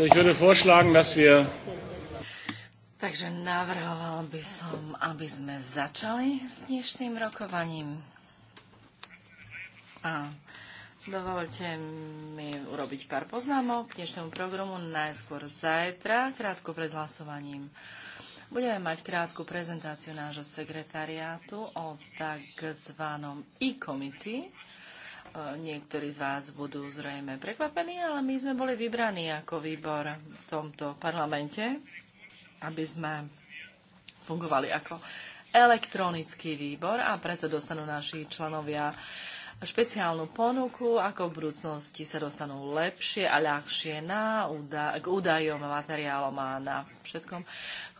So, ich würde vorschlagen, dass wir Takže navrhoval by som, aby sme začali s dnešným rokovaním. A dovolte mi urobiť pár poznámok k dnešnému programu najskôr zajtra, krátko pred hlasovaním. Budeme mať krátku prezentáciu nášho sekretariátu o tzv. e-committee, Niektorí z vás budú zrejme prekvapení, ale my sme boli vybraní ako výbor v tomto parlamente, aby sme fungovali ako elektronický výbor a preto dostanú naši členovia uh, špeciálnu ponuku, ako v budúcnosti sa dostanú lepšie a ľahšie na k údajom, materiálom a na všetkom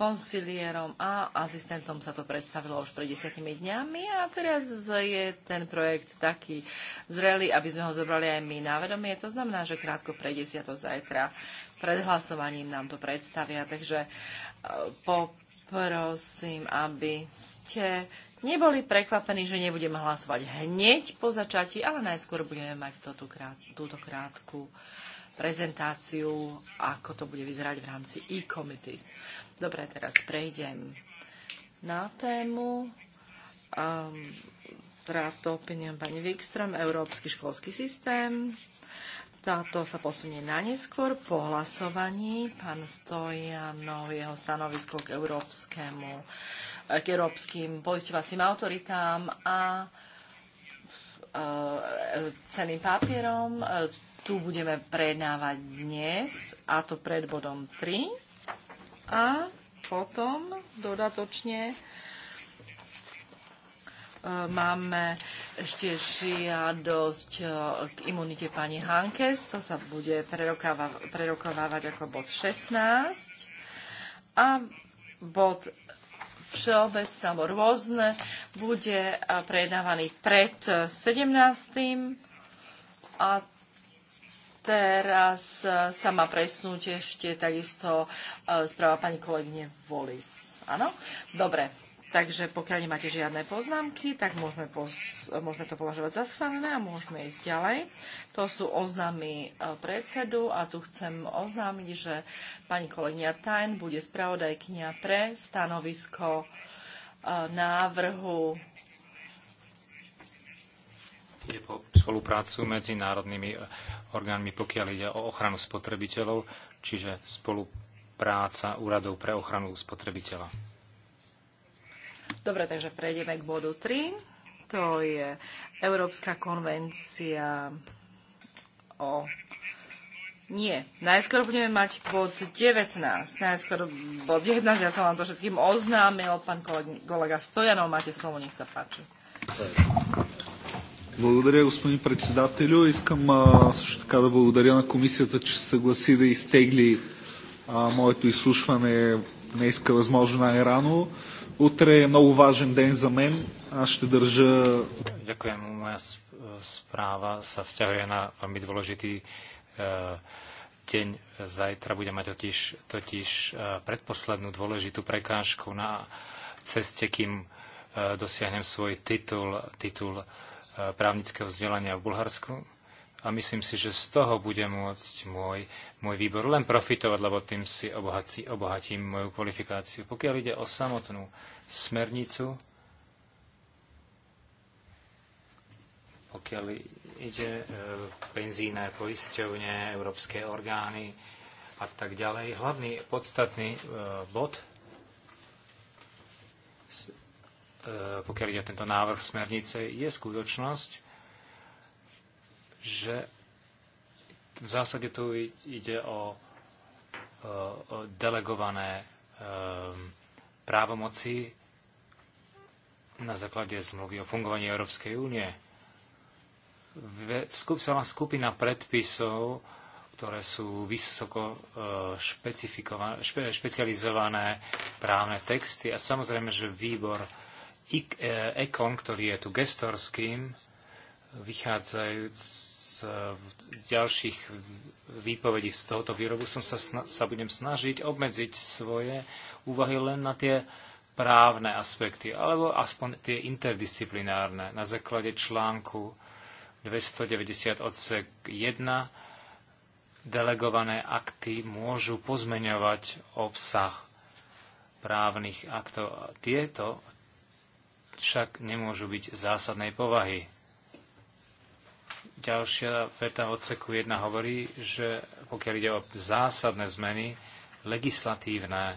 konsilierom a asistentom sa to predstavilo už pred desiatimi dňami a teraz je ten projekt taký zrelý, aby sme ho zobrali aj my na vedomie. To znamená, že krátko pred desiatou zajtra pred hlasovaním nám to predstavia, takže eh, poprosím, aby ste neboli prekvapení, že nebudeme hlasovať hneď po začatí, ale najskôr budeme mať toto, túto krátku prezentáciu, ako to bude vyzerať v rámci e-committees. Dobre, teraz prejdem na tému. Um, teda to opinion pani Wikström, Európsky školský systém. Táto sa posunie na neskôr po hlasovaní. Pán Stojanov, jeho stanovisko k Európskemu k európskym poisťovacím autoritám a e, e, ceným papierom. E, tu budeme prednávať dnes, a to pred bodom 3. A potom dodatočne máme ešte žiadosť k imunite pani Hankes. To sa bude prerokovávať ako bod 16. A bod všeobecné alebo rôzne bude eh, prejednávaný pred 17. Eh, A teraz eh, sa má presnúť ešte takisto správa pani kolegyne Volis. Áno? Dobre. Takže pokiaľ nemáte žiadne poznámky, tak môžeme, pos- môžeme to považovať za schválené a môžeme ísť ďalej. To sú oznámy e, predsedu a tu chcem oznámiť, že pani kolegyňa Tajn bude spravodajkňa pre stanovisko e, návrhu Je spoluprácu medzi národnými e, orgánmi, pokiaľ ide o ochranu spotrebiteľov, čiže spolupráca úradov pre ochranu spotrebiteľa. Dobre, takže prejdeme k bodu 3. To je Európska konvencia o... Nie, najskôr budeme mať bod 19. Najskôr bod 19, ja som vám to všetkým oznámil. Pán kolega Stojanov, máte slovo, nech sa páči. Благодаря, господин председателю. Искам а, също така да благодаря на комисията, че се съгласи да изтегли а, моето изслушване днеска възможно най-рано. Утре е много важен ден за мен. Аз ще държа... Ďakujem, moja správa sa vzťahuje na veľmi dôležitý e, deň. Zajtra budem mať totiž, totiž e, predposlednú dôležitú prekážku na ceste, kým e, dosiahnem svoj titul, titul právnického vzdelania v Bulharsku a myslím si, že z toho bude môcť môj, môj výbor len profitovať, lebo tým si obohatí, obohatím moju kvalifikáciu. Pokiaľ ide o samotnú smernicu, pokiaľ ide e, penzíne poisťovne, európske orgány a tak ďalej, hlavný podstatný e, bod, e, pokiaľ ide o tento návrh smernice, je skutočnosť, že v zásade tu ide o, o delegované ehm, právomoci na základe zmluvy o fungovaní Európskej únie. Celá skupina predpisov, ktoré sú vysoko ehm, špe, špecializované právne texty a samozrejme, že výbor e, ECON, ktorý je tu gestorským, vychádzajúc z, ďalších výpovedí z tohoto výrobu som sa, sa budem snažiť obmedziť svoje úvahy len na tie právne aspekty, alebo aspoň tie interdisciplinárne na základe článku 290 odsek 1 delegované akty môžu pozmeňovať obsah právnych aktov. Tieto však nemôžu byť zásadnej povahy. Ďalšia veta odseku 1 hovorí, že pokiaľ ide o zásadné zmeny, legislatívne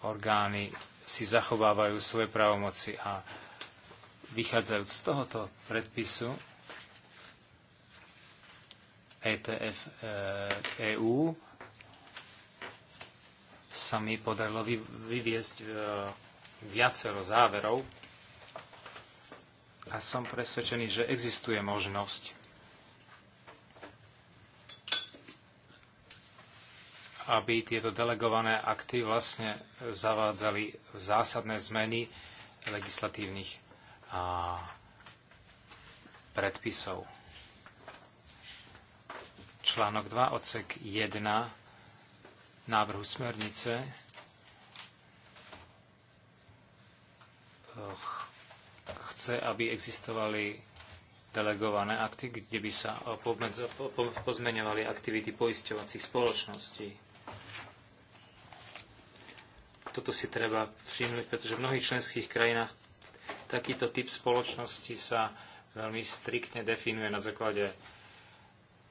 orgány si zachovávajú svoje právomoci a vychádzajúc z tohoto predpisu ETF EU eh, e sa mi podarilo vyviesť eh, viacero záverov a som presvedčený, že existuje možnosť, aby tieto delegované akty vlastne zavádzali zásadné zmeny legislatívnych a predpisov. Článok 2, odsek 1 návrhu smernice chce, aby existovali delegované akty, kde by sa pozmeňovali aktivity poisťovacích spoločností. Toto si treba všimnúť, pretože v mnohých členských krajinách takýto typ spoločnosti sa veľmi striktne definuje na základe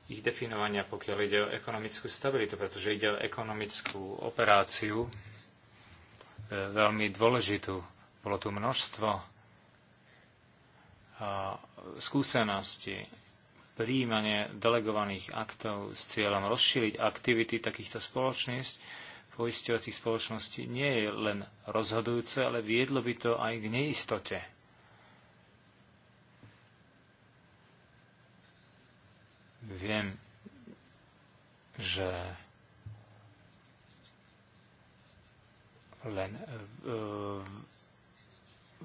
ich definovania, pokiaľ ide o ekonomickú stabilitu, pretože ide o ekonomickú operáciu, e, veľmi dôležitú. Bolo tu množstvo skúsenosti, príjmanie delegovaných aktov s cieľom rozšíriť aktivity takýchto spoločníc, poisťovacích spoločností nie je len rozhodujúce, ale viedlo by to aj k neistote. Viem, že len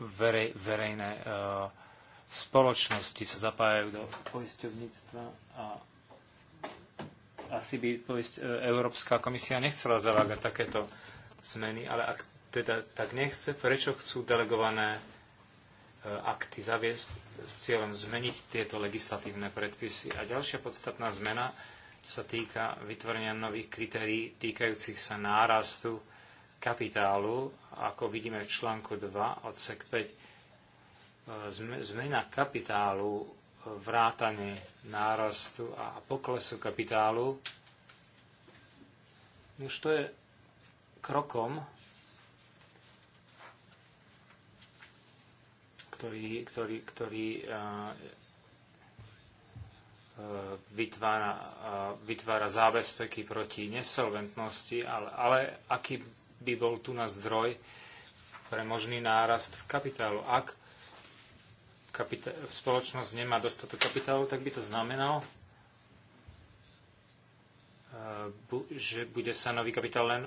verej, verejné uh, spoločnosti sa zapájajú do poisťovníctva a asi by poisť, e, Európska komisia nechcela zavágať takéto zmeny, ale ak teda tak nechce, prečo chcú delegované e, akty zaviesť s cieľom zmeniť tieto legislatívne predpisy. A ďalšia podstatná zmena sa týka vytvorenia nových kritérií týkajúcich sa nárastu kapitálu, ako vidíme v článku 2 odsek 5 E, zmena kapitálu, e, vrátanie nárastu a poklesu kapitálu, už to je krokom, ktorý, ktorý, ktorý e, vytvára, vytvára zábezpeky proti nesolventnosti, ale, ale aký by bol tu na zdroj pre možný nárast v kapitálu. Ak spoločnosť nemá dostatok kapitálu, tak by to znamenalo, e, že bude sa nový kapitál len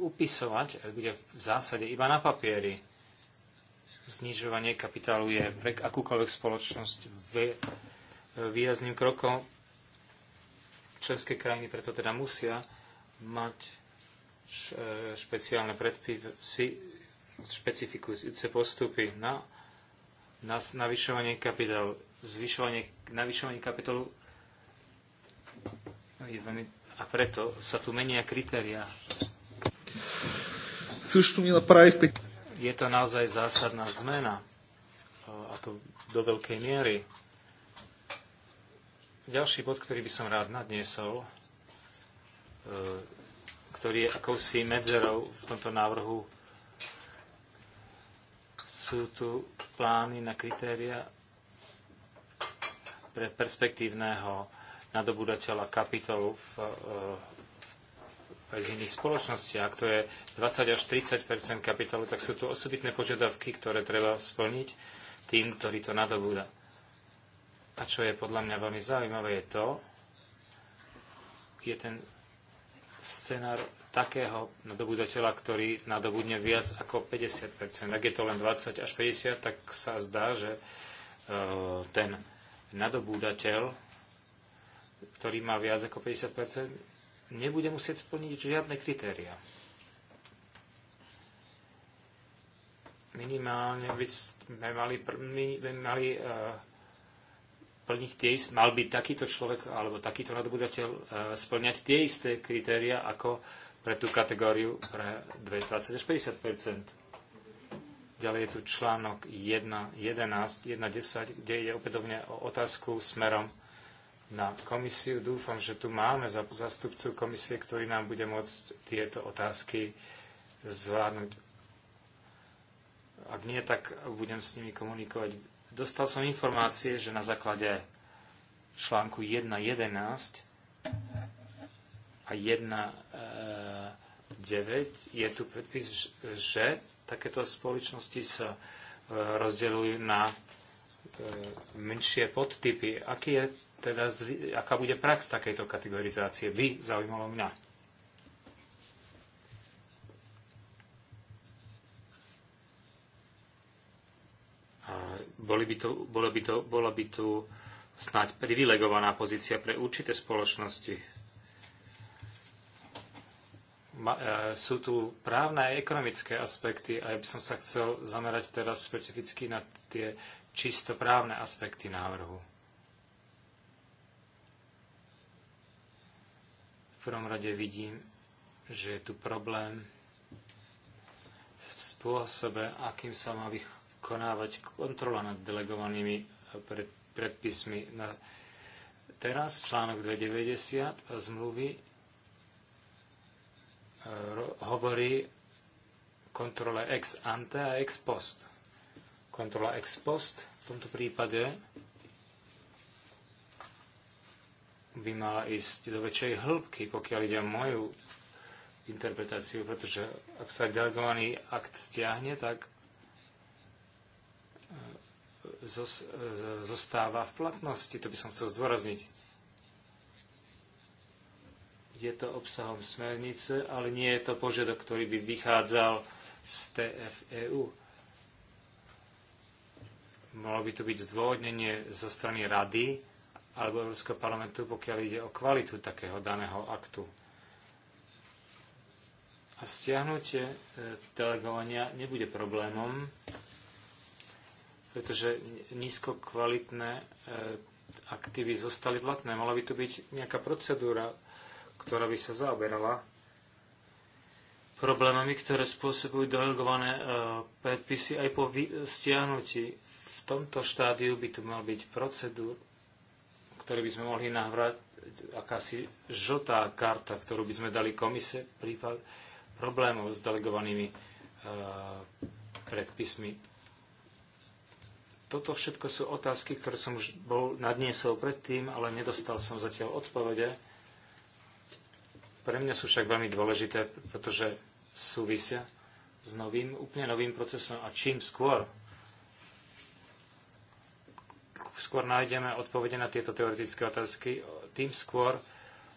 upisovať, bude v zásade iba na papieri. Znižovanie kapitálu je pre akúkoľvek spoločnosť výrazným krokom. Členské krajiny preto teda musia mať e, špeciálne predpisy, špecifikujúce postupy na na navyšovanie kapitál, zvyšovanie, navyšovanie kapitálu a preto sa tu menia kritéria. Je to naozaj zásadná zmena a to do veľkej miery. Ďalší bod, ktorý by som rád nadniesol, e, ktorý je akousi medzerou v tomto návrhu sú tu plány na kritéria pre perspektívneho nadobudateľa kapitolu v, e, z iných spoločnostiach, Ak to je 20 až 30 kapitálu, tak sú tu osobitné požiadavky, ktoré treba splniť tým, ktorý to nadobúda. A čo je podľa mňa veľmi zaujímavé, je to, je ten scenár takého nadobudateľa, ktorý nadobudne viac ako 50 Ak je to len 20 až 50, tak sa zdá, že e, ten nadobúdateľ, ktorý má viac ako 50 nebude musieť splniť žiadne kritéria. Minimálne by sme mali, by mali e, plniť tie, mal by takýto človek alebo takýto uh, splňať tie isté kritéria ako pre tú kategóriu pre 20 až 50 Ďalej je tu článok 1.11, 1.10, kde ide opätovne o otázku smerom na komisiu. Dúfam, že tu máme zastupcu komisie, ktorý nám bude môcť tieto otázky zvládnuť. Ak nie, tak budem s nimi komunikovať. Dostal som informácie, že na základe článku 1.11 a 1.9 e, je tu predpis, že takéto spoločnosti sa e, rozdeľujú na e, menšie podtypy. Aký je teda, aká bude prax takejto kategorizácie? By zaujímalo mňa. A boli by to, bolo by to, bola by tu snáď privilegovaná pozícia pre určité spoločnosti E, sú tu právne a ekonomické aspekty a ja by som sa chcel zamerať teraz špecificky na tie čisto právne aspekty návrhu. V prvom rade vidím, že je tu problém v spôsobe, akým sa má vykonávať kontrola nad delegovanými e, predpismi. Teraz článok 290 zmluvy hovorí kontrole ex ante a ex post. Kontrola ex post v tomto prípade by mala ísť do väčšej hĺbky, pokiaľ ide o moju interpretáciu, pretože ak sa delegovaný akt stiahne, tak eh, eh, zostáva v platnosti. To by som chcel zdôrazniť je to obsahom smernice, ale nie je to požiadok, ktorý by vychádzal z TFEU. Mohlo by to byť zdôvodnenie zo strany Rady alebo Európskeho parlamentu, pokiaľ ide o kvalitu takého daného aktu. A stiahnutie e, delegovania nebude problémom, pretože nízko e, akty by zostali platné. Mala by tu byť nejaká procedúra, ktorá by sa zaoberala problémami, ktoré spôsobujú delegované e, predpisy aj po stiahnutí. V tomto štádiu by tu mal byť procedúr, ktorý by sme mohli nahrať akási žltá karta, ktorú by sme dali komise v prípade problémov s delegovanými e, predpismi. Toto všetko sú otázky, ktoré som už bol nadniesol predtým, ale nedostal som zatiaľ odpovede pre mňa sú však veľmi dôležité, pretože súvisia s novým, úplne novým procesom a čím skôr skôr nájdeme odpovede na tieto teoretické otázky, tým skôr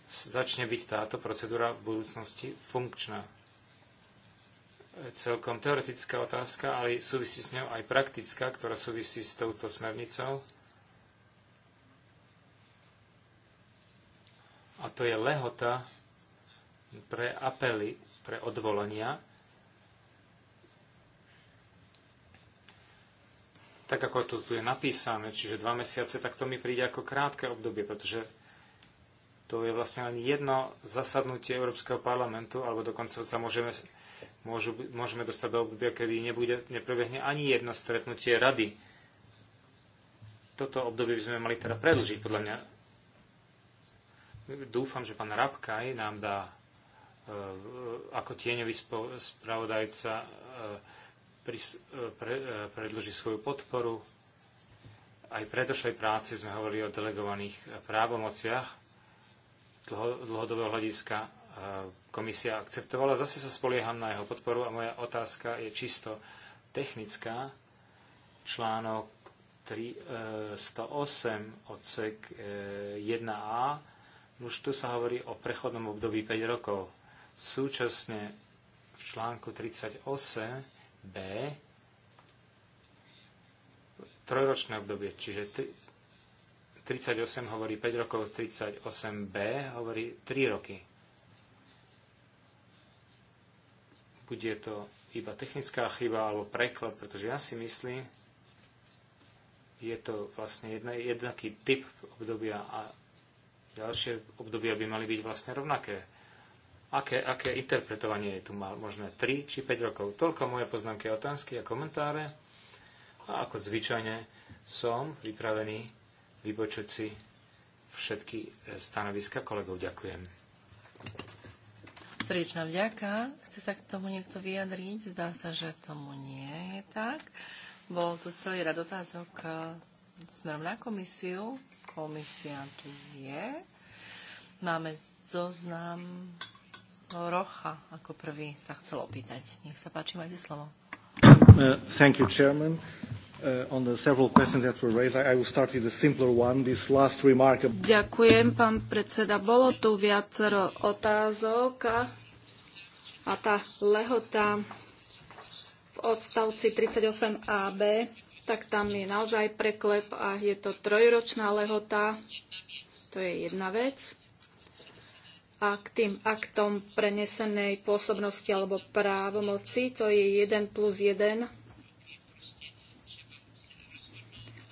začne byť táto procedúra v budúcnosti funkčná. Celkom teoretická otázka, ale súvisí s ňou aj praktická, ktorá súvisí s touto smernicou. A to je lehota pre apely, pre odvolania, tak ako to tu je napísané, čiže dva mesiace, tak to mi príde ako krátke obdobie, pretože to je vlastne len jedno zasadnutie Európskeho parlamentu, alebo dokonca sa môžeme, môžu, môžeme dostať do obdobia, kedy nebude, neprebehne ani jedno stretnutie rady. Toto obdobie by sme mali teda predlžiť, podľa mňa. Dúfam, že pán Rabkaj nám dá Eh, ako tieňový spravodajca eh, eh, predloží svoju podporu. Aj predošlej práci sme hovorili o delegovaných právomociach dlhodobého hľadiska. Komisia akceptovala. Zase sa spolieham na jeho podporu a moja otázka je čisto technická. Článok 308 odsek 1a. Už tu sa hovorí o prechodnom období 5 rokov Súčasne v článku 38b trojročné obdobie, čiže 38 hovorí 5 rokov, 38b hovorí 3 roky. Bude to iba technická chyba alebo preklad, pretože ja si myslím, je to vlastne jedna, jednaký typ obdobia a ďalšie obdobia by mali byť vlastne rovnaké aké, aké interpretovanie je tu mal, možno 3 či 5 rokov. Toľko moje poznámky, otázky a komentáre. A ako zvyčajne som pripravený vypočuť si všetky eh, stanoviska kolegov. Ďakujem. Srdečná vďaka. Chce sa k tomu niekto vyjadriť? Zdá sa, že tomu nie je tak. Bol tu celý rad otázok eh, smerom na komisiu. Komisia tu je. Máme zoznam Rocha ako prvý sa chcel opýtať. Nech sa páči, máte slovo. Uh, thank you, Chairman. Uh, on the several questions that were raised, I, I will start with the simpler one, this last remark. Ďakujem, pán predseda. Bolo tu viacero otázok a, a tá lehota v odstavci 38AB, tak tam je naozaj preklep a je to trojročná lehota. To je jedna vec a k tým aktom prenesenej pôsobnosti alebo právomoci. To je 1 plus 1,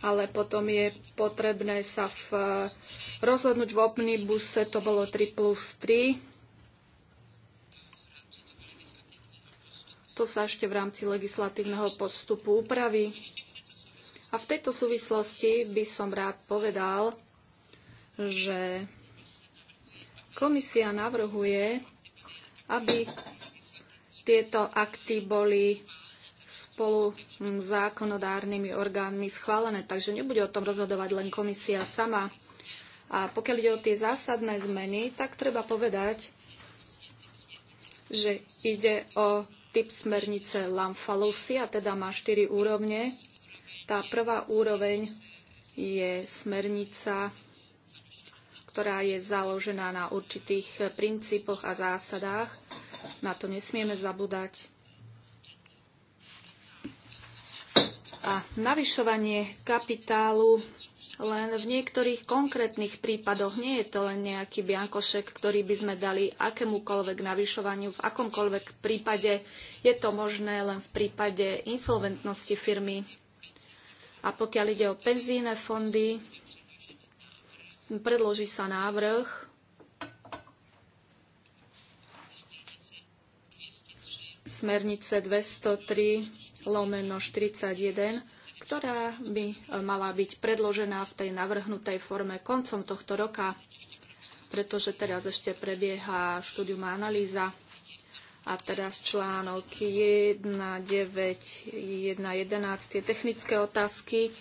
ale potom je potrebné sa v, rozhodnúť v omnibuse, to bolo 3 plus 3. To sa ešte v rámci legislatívneho postupu upraví. A v tejto súvislosti by som rád povedal, že Komisia navrhuje, aby tieto akty boli spolu zákonodárnymi orgánmi schválené, takže nebude o tom rozhodovať len komisia sama. A pokiaľ ide o tie zásadné zmeny, tak treba povedať, že ide o typ smernice Lamfalusy a teda má štyri úrovne. Tá prvá úroveň je smernica ktorá je založená na určitých princípoch a zásadách. Na to nesmieme zabúdať. A navyšovanie kapitálu len v niektorých konkrétnych prípadoch nie je to len nejaký biankošek, ktorý by sme dali akémukoľvek navyšovaniu v akomkoľvek prípade. Je to možné len v prípade insolventnosti firmy. A pokiaľ ide o penzíne fondy, Predloží sa návrh smernice 203 lomeno 41, ktorá by e, mala byť predložená v tej navrhnutej forme koncom tohto roka, pretože teraz ešte prebieha štúdium a analýza. A teraz článok 1, 9, 1, 11, tie technické otázky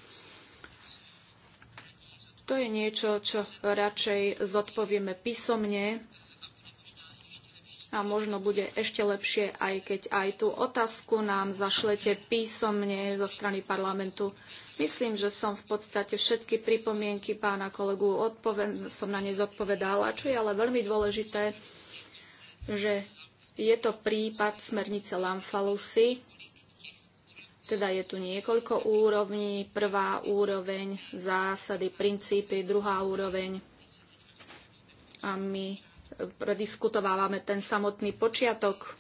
to je niečo, čo radšej zodpovieme písomne a možno bude ešte lepšie, aj keď aj tú otázku nám zašlete písomne zo strany parlamentu. Myslím, že som v podstate všetky pripomienky pána kolegu som na ne zodpovedala, čo je ale veľmi dôležité, že je to prípad smernice Lamfalusy, teda je tu niekoľko úrovní. Prvá úroveň zásady, princípy, druhá úroveň. A my e, prediskutovávame ten samotný počiatok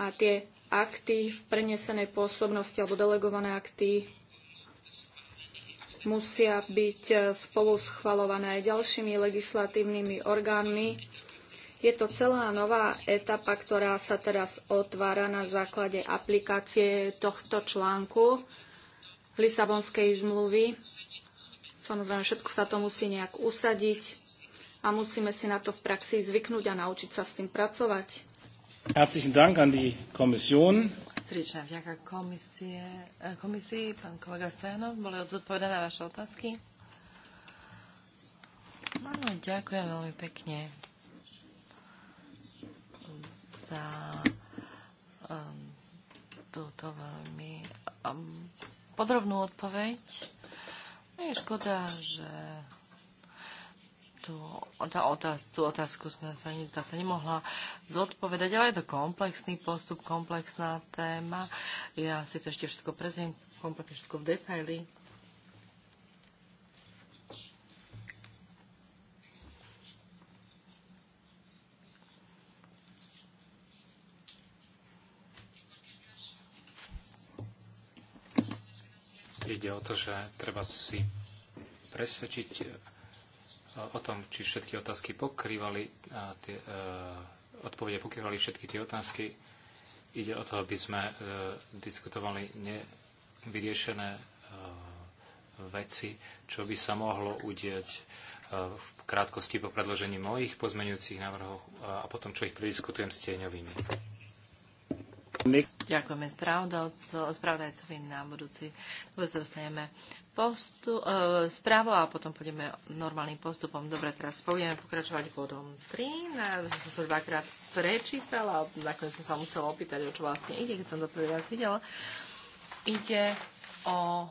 a tie akty v prenesenej pôsobnosti alebo delegované akty musia byť e, spolu schvalované aj ďalšími legislatívnymi orgánmi je to celá nová etapa, ktorá sa teraz otvára na základe aplikácie tohto článku Lisabonskej zmluvy. Samozrejme, všetko sa to musí nejak usadiť a musíme si na to v praxi zvyknúť a naučiť sa s tým pracovať. Herzlichen Dank an die Kommission. Srdečná vďaka komisie, eh, komisii, pán kolega Stojanov. Boli odzodpovedané vaše otázky? Áno, ďakujem veľmi pekne za um, túto veľmi um, podrobnú odpoveď. No je škoda, že tú, tá otáz, tú otázku sme sa, tá sa nemohla zodpovedať, ale je to komplexný postup, komplexná téma. Ja si to ešte všetko prezím, kompletne všetko v detaily. Ide o to, že treba si presvedčiť e, o tom, či všetky otázky pokrývali, a tie, e, odpovede pokrývali všetky tie otázky. Ide o to, aby sme e, diskutovali nevyriešené e, veci, čo by sa mohlo udieť e, v krátkosti po predložení mojich pozmenujúcich návrhov a potom, čo ich prediskutujem s tieňovými. Ďakujeme spravodajcovi na budúci. Dobre, postu, e, správu a potom pôjdeme normálnym postupom. Dobre, teraz pôjdeme pokračovať bodom 3. Na, som to dvakrát prečítala a nakoniec som sa musela opýtať, o čo vlastne ide, keď som to prvý raz videla. Ide o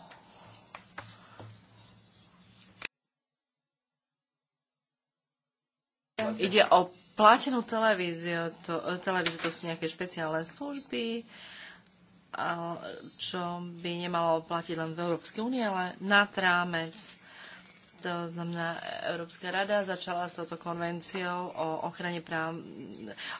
Ide o platenú televíziu, to, televíziu, to sú nejaké špeciálne služby, čo by nemalo platiť len v Európskej únie, ale na trámec. To znamená, Európska rada začala s touto konvenciou o ochrane práv,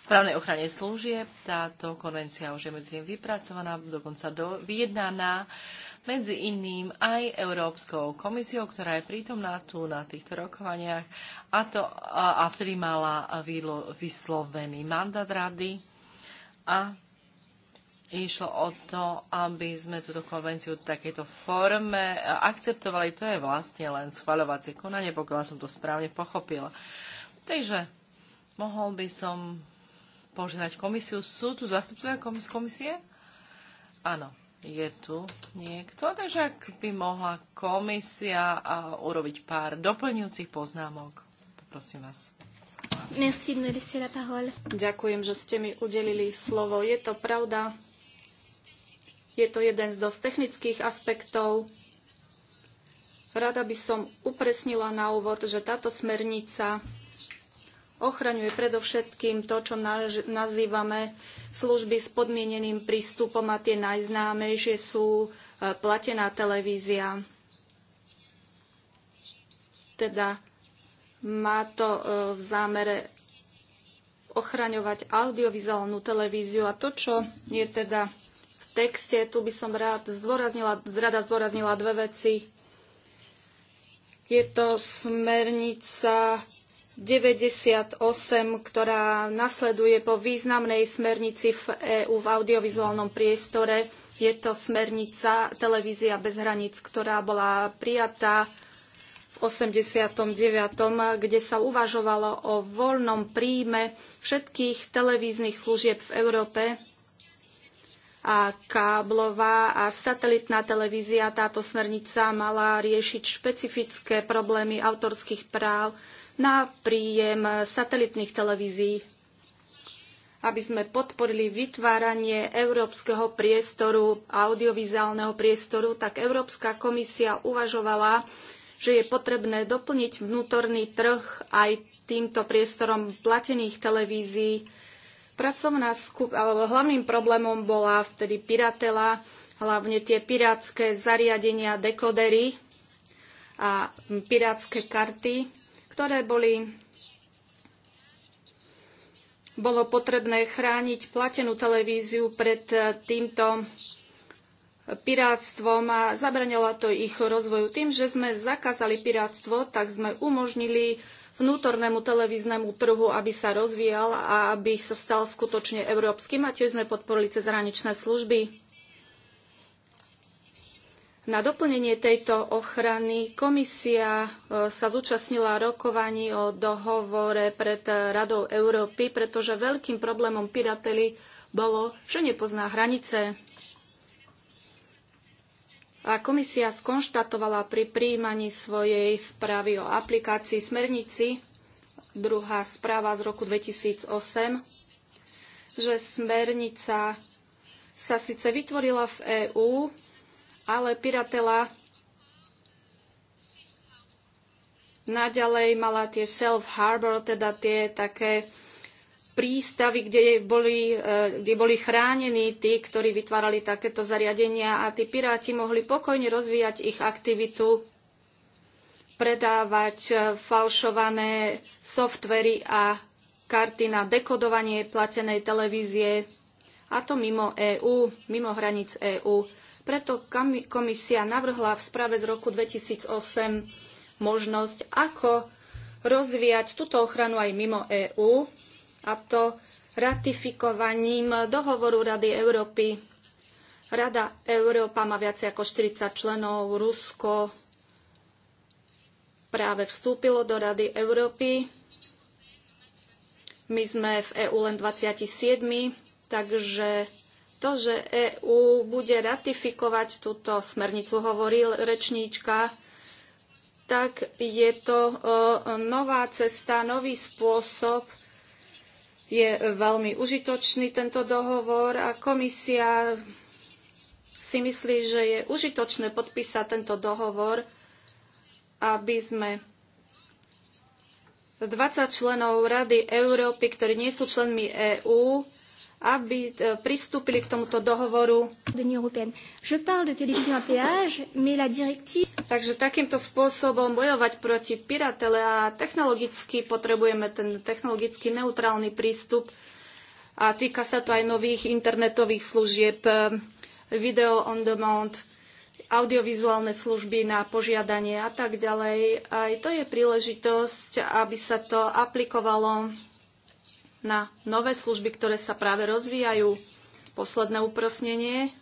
právnej ochrane služieb. Táto konvencia už je medzi tým vypracovaná, dokonca do, vyjednaná. Uh, medzi iným aj Európskou komisiou, ktorá je prítomná tu na týchto rokovaniach a, to, a, a vtedy mala vyslovený mandát rady a Išlo o to, aby sme túto konvenciu v takejto forme akceptovali. To je vlastne len schvaľovacie konanie, pokiaľ som to správne pochopila. Takže mohol by som požiadať komisiu. Sú tu zastupcovia komisie? Áno je tu niekto, takže ak by mohla komisia urobiť pár doplňujúcich poznámok. Poprosím vás. Merci de me la parole. Ďakujem, že ste mi udelili slovo. Je to pravda. Je to jeden z dosť technických aspektov. Rada by som upresnila na úvod, že táto smernica ochraňuje predovšetkým to, čo nazývame služby s podmieneným prístupom a tie najznámejšie sú e, platená televízia. Teda má to e, v zámere ochraňovať audiovizuálnu televíziu a to, čo je teda v texte, tu by som rád zdôraznila, rada zdôraznila dve veci. Je to smernica 98, ktorá nasleduje po významnej smernici v EÚ v audiovizuálnom priestore. Je to smernica Televízia bez hraníc, ktorá bola prijatá v 89., kde sa uvažovalo o voľnom príjme všetkých televíznych služieb v Európe a káblová a satelitná televízia. Táto smernica mala riešiť špecifické problémy autorských práv na príjem satelitných televízií, aby sme podporili vytváranie európskeho priestoru, audiovizuálneho priestoru, tak Európska komisia uvažovala, že je potrebné doplniť vnútorný trh aj týmto priestorom platených televízií. Pracovná skup- alebo hlavným problémom bola vtedy piratela, hlavne tie pirátske zariadenia, dekodery a pirátske karty ktoré boli bolo potrebné chrániť platenú televíziu pred e, týmto pirátstvom a zabranila to ich rozvoju. Tým, že sme zakázali pirátstvo, tak sme umožnili vnútornému televíznemu trhu, aby sa rozvíjal a aby sa stal skutočne európskym a tiež sme podporili cezhraničné služby. Na doplnenie tejto ochrany komisia e, sa zúčastnila rokovaní o dohovore pred Radou Európy, pretože veľkým problémom pirateli bolo, že nepozná hranice. A komisia skonštatovala pri príjmaní svojej správy o aplikácii smernici, druhá správa z roku 2008, že smernica sa síce vytvorila v EÚ, ale Piratela naďalej mala tie self-harbor, teda tie také prístavy, kde boli, e, kde boli chránení tí, ktorí vytvárali takéto zariadenia a tí piráti mohli pokojne rozvíjať ich aktivitu, predávať e, falšované softvery a karty na dekodovanie platenej televízie, a to mimo EÚ, mimo hraníc EÚ. Preto komisia navrhla v správe z roku 2008 možnosť, ako rozvíjať túto ochranu aj mimo EÚ, a to ratifikovaním dohovoru Rady Európy. Rada Európa má viac ako 40 členov, Rusko práve vstúpilo do Rady Európy. My sme v EÚ len 27, takže to, že EÚ bude ratifikovať túto smernicu, hovorí rečníčka, tak je to e, nová cesta, nový spôsob. Je veľmi užitočný tento dohovor a komisia si myslí, že je užitočné podpísať tento dohovor, aby sme 20 členov Rady Európy, ktorí nie sú členmi EÚ, aby e, pristúpili k tomuto dohovoru. Takže takýmto spôsobom bojovať proti piratele a technologicky potrebujeme ten technologicky neutrálny prístup a týka sa to aj nových internetových služieb, e, video on demand, audiovizuálne služby na požiadanie a tak ďalej. Aj to je príležitosť, aby sa to aplikovalo na nové služby, ktoré sa práve rozvíjajú. Posledné uprosnenie.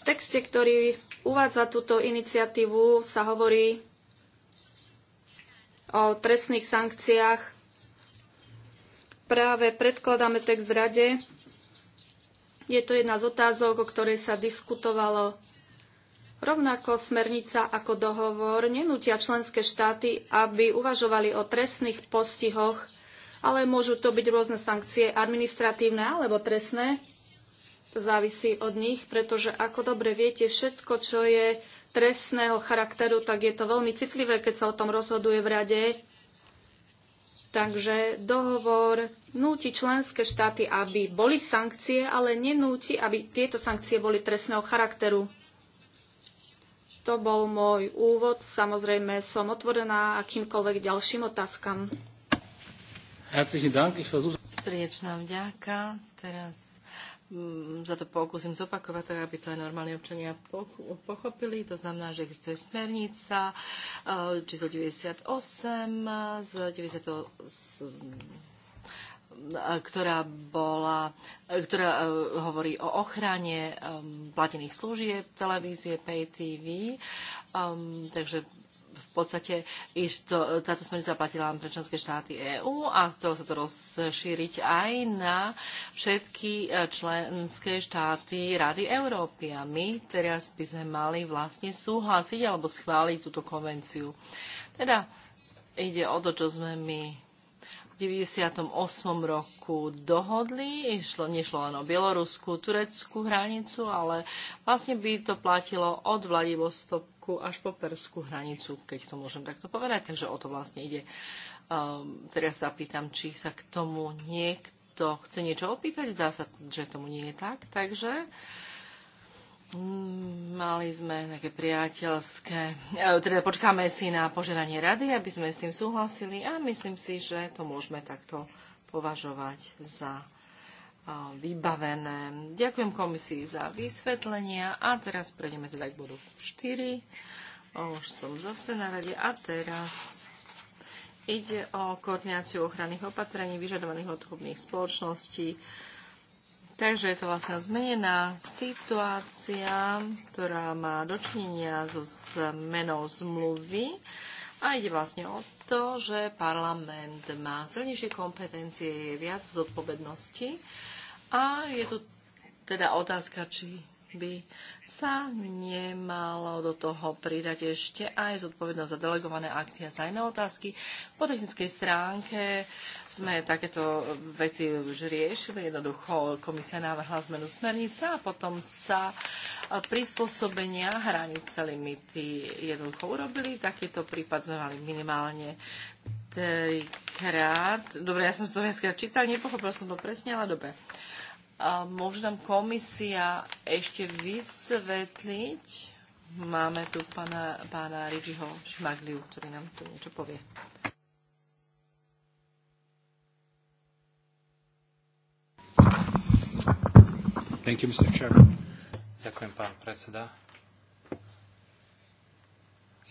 V texte, ktorý uvádza túto iniciatívu, sa hovorí o trestných sankciách. Práve predkladáme text v rade. Je to jedna z otázok, o ktorej sa diskutovalo Rovnako smernica ako dohovor nenútia členské štáty, aby uvažovali o trestných postihoch, ale môžu to byť rôzne sankcie administratívne alebo trestné. To závisí od nich, pretože ako dobre viete, všetko, čo je trestného charakteru, tak je to veľmi citlivé, keď sa o tom rozhoduje v rade. Takže dohovor núti členské štáty, aby boli sankcie, ale nenúti, aby tieto sankcie boli trestného charakteru. To bol môj úvod. Samozrejme, som otvorená akýmkoľvek ďalším otázkam. Herzlichen Dank. Ich versuch... Srdečná vďaka. Teraz m, mm, za to pokúsim zopakovať, tak aby to aj normálne občania pochopili. To znamená, že existuje smernica eh, číslo 98 z 98 ktorá, bola, ktorá e, hovorí o ochrane e, platených služieb televízie Pay TV. Um, ehm, takže v podstate to, táto smernica zaplatila len pre členské štáty EÚ a chcelo sa to rozšíriť aj na všetky e, členské štáty Rady Európy. A my teraz by sme mali vlastne súhlasiť alebo schváliť túto konvenciu. Teda ide o to, čo sme my 98. roku dohodli. Išlo, nešlo len o bieloruskú, tureckú hranicu, ale vlastne by to platilo od Vladivostoku až po perskú hranicu, keď to môžem takto povedať. Takže o to vlastne ide. Um, teraz sa pýtam, či sa k tomu niekto chce niečo opýtať. Zdá sa, že tomu nie je tak. Takže Mm, mali sme také priateľské, e, teda počkáme si na požeranie rady, aby sme s tým súhlasili a myslím si, že to môžeme takto považovať za e, vybavené. Ďakujem komisii za vysvetlenia a teraz prejdeme teda k bodu 4. Už som zase na rade a teraz ide o koordináciu ochranných opatrení vyžadovaných od spoločností Takže je to vlastne zmenená situácia, ktorá má dočinenia so zmenou zmluvy a ide vlastne o to, že parlament má silnejšie kompetencie, je viac v zodpovednosti a je tu teda otázka, či by sa nemalo do toho pridať ešte aj zodpovednosť za delegované akty a iné otázky. Po technickej stránke sme takéto veci už riešili. Jednoducho komisia navrhla zmenu smernica a potom sa prispôsobenia hranice limity jednoducho urobili. Takýto prípad sme mali minimálne trikrát. Dobre, ja som si to dneska čítal, nepochopil som to presne, ale dobre. Môže nám komisia ešte vysvetliť? Máme tu pána, pána Ridžiho Šmagliu, ktorý nám tu niečo povie. Thank you, Mr. Chairman. Ďakujem, pán predseda.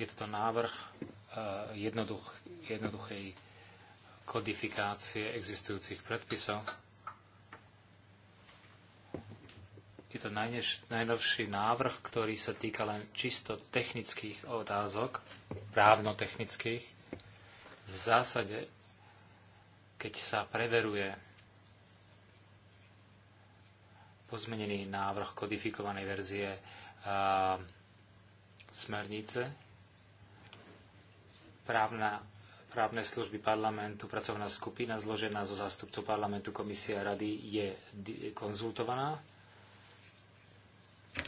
Je to návrh eh, jednoduch, jednoduchej kodifikácie existujúcich predpisov Je to najnež, najnovší návrh, ktorý sa týka len čisto technických otázok, právno-technických. V zásade, keď sa preveruje pozmenený návrh kodifikovanej verzie a, smernice, právna právne služby parlamentu, pracovná skupina zložená zo zástupcov parlamentu, komisie a rady je konzultovaná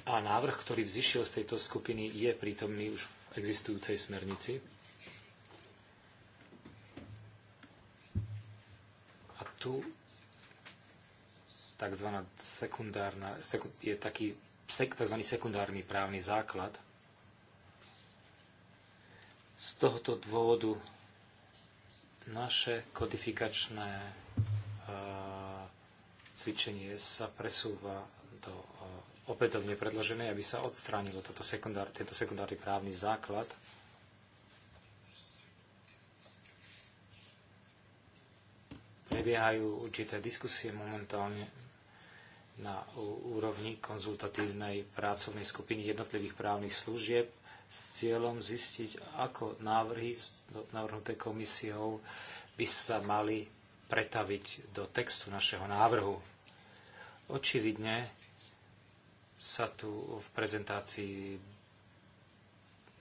a návrh, ktorý vzýšiel z tejto skupiny, je prítomný už v existujúcej smernici. A tu tzv. sekundárna, je taký tzv. sekundárny právny základ. Z tohoto dôvodu naše kodifikačné eh, cvičenie sa presúva do opätovne predložené, aby sa odstránilo sekundár, tento sekundárny právny základ. Prebiehajú určité diskusie momentálne na úrovni konzultatívnej pracovnej skupiny jednotlivých právnych služieb s cieľom zistiť, ako návrhy no, navrhnuté komisiou by sa mali pretaviť do textu našeho návrhu. Očividne sa tu v prezentácii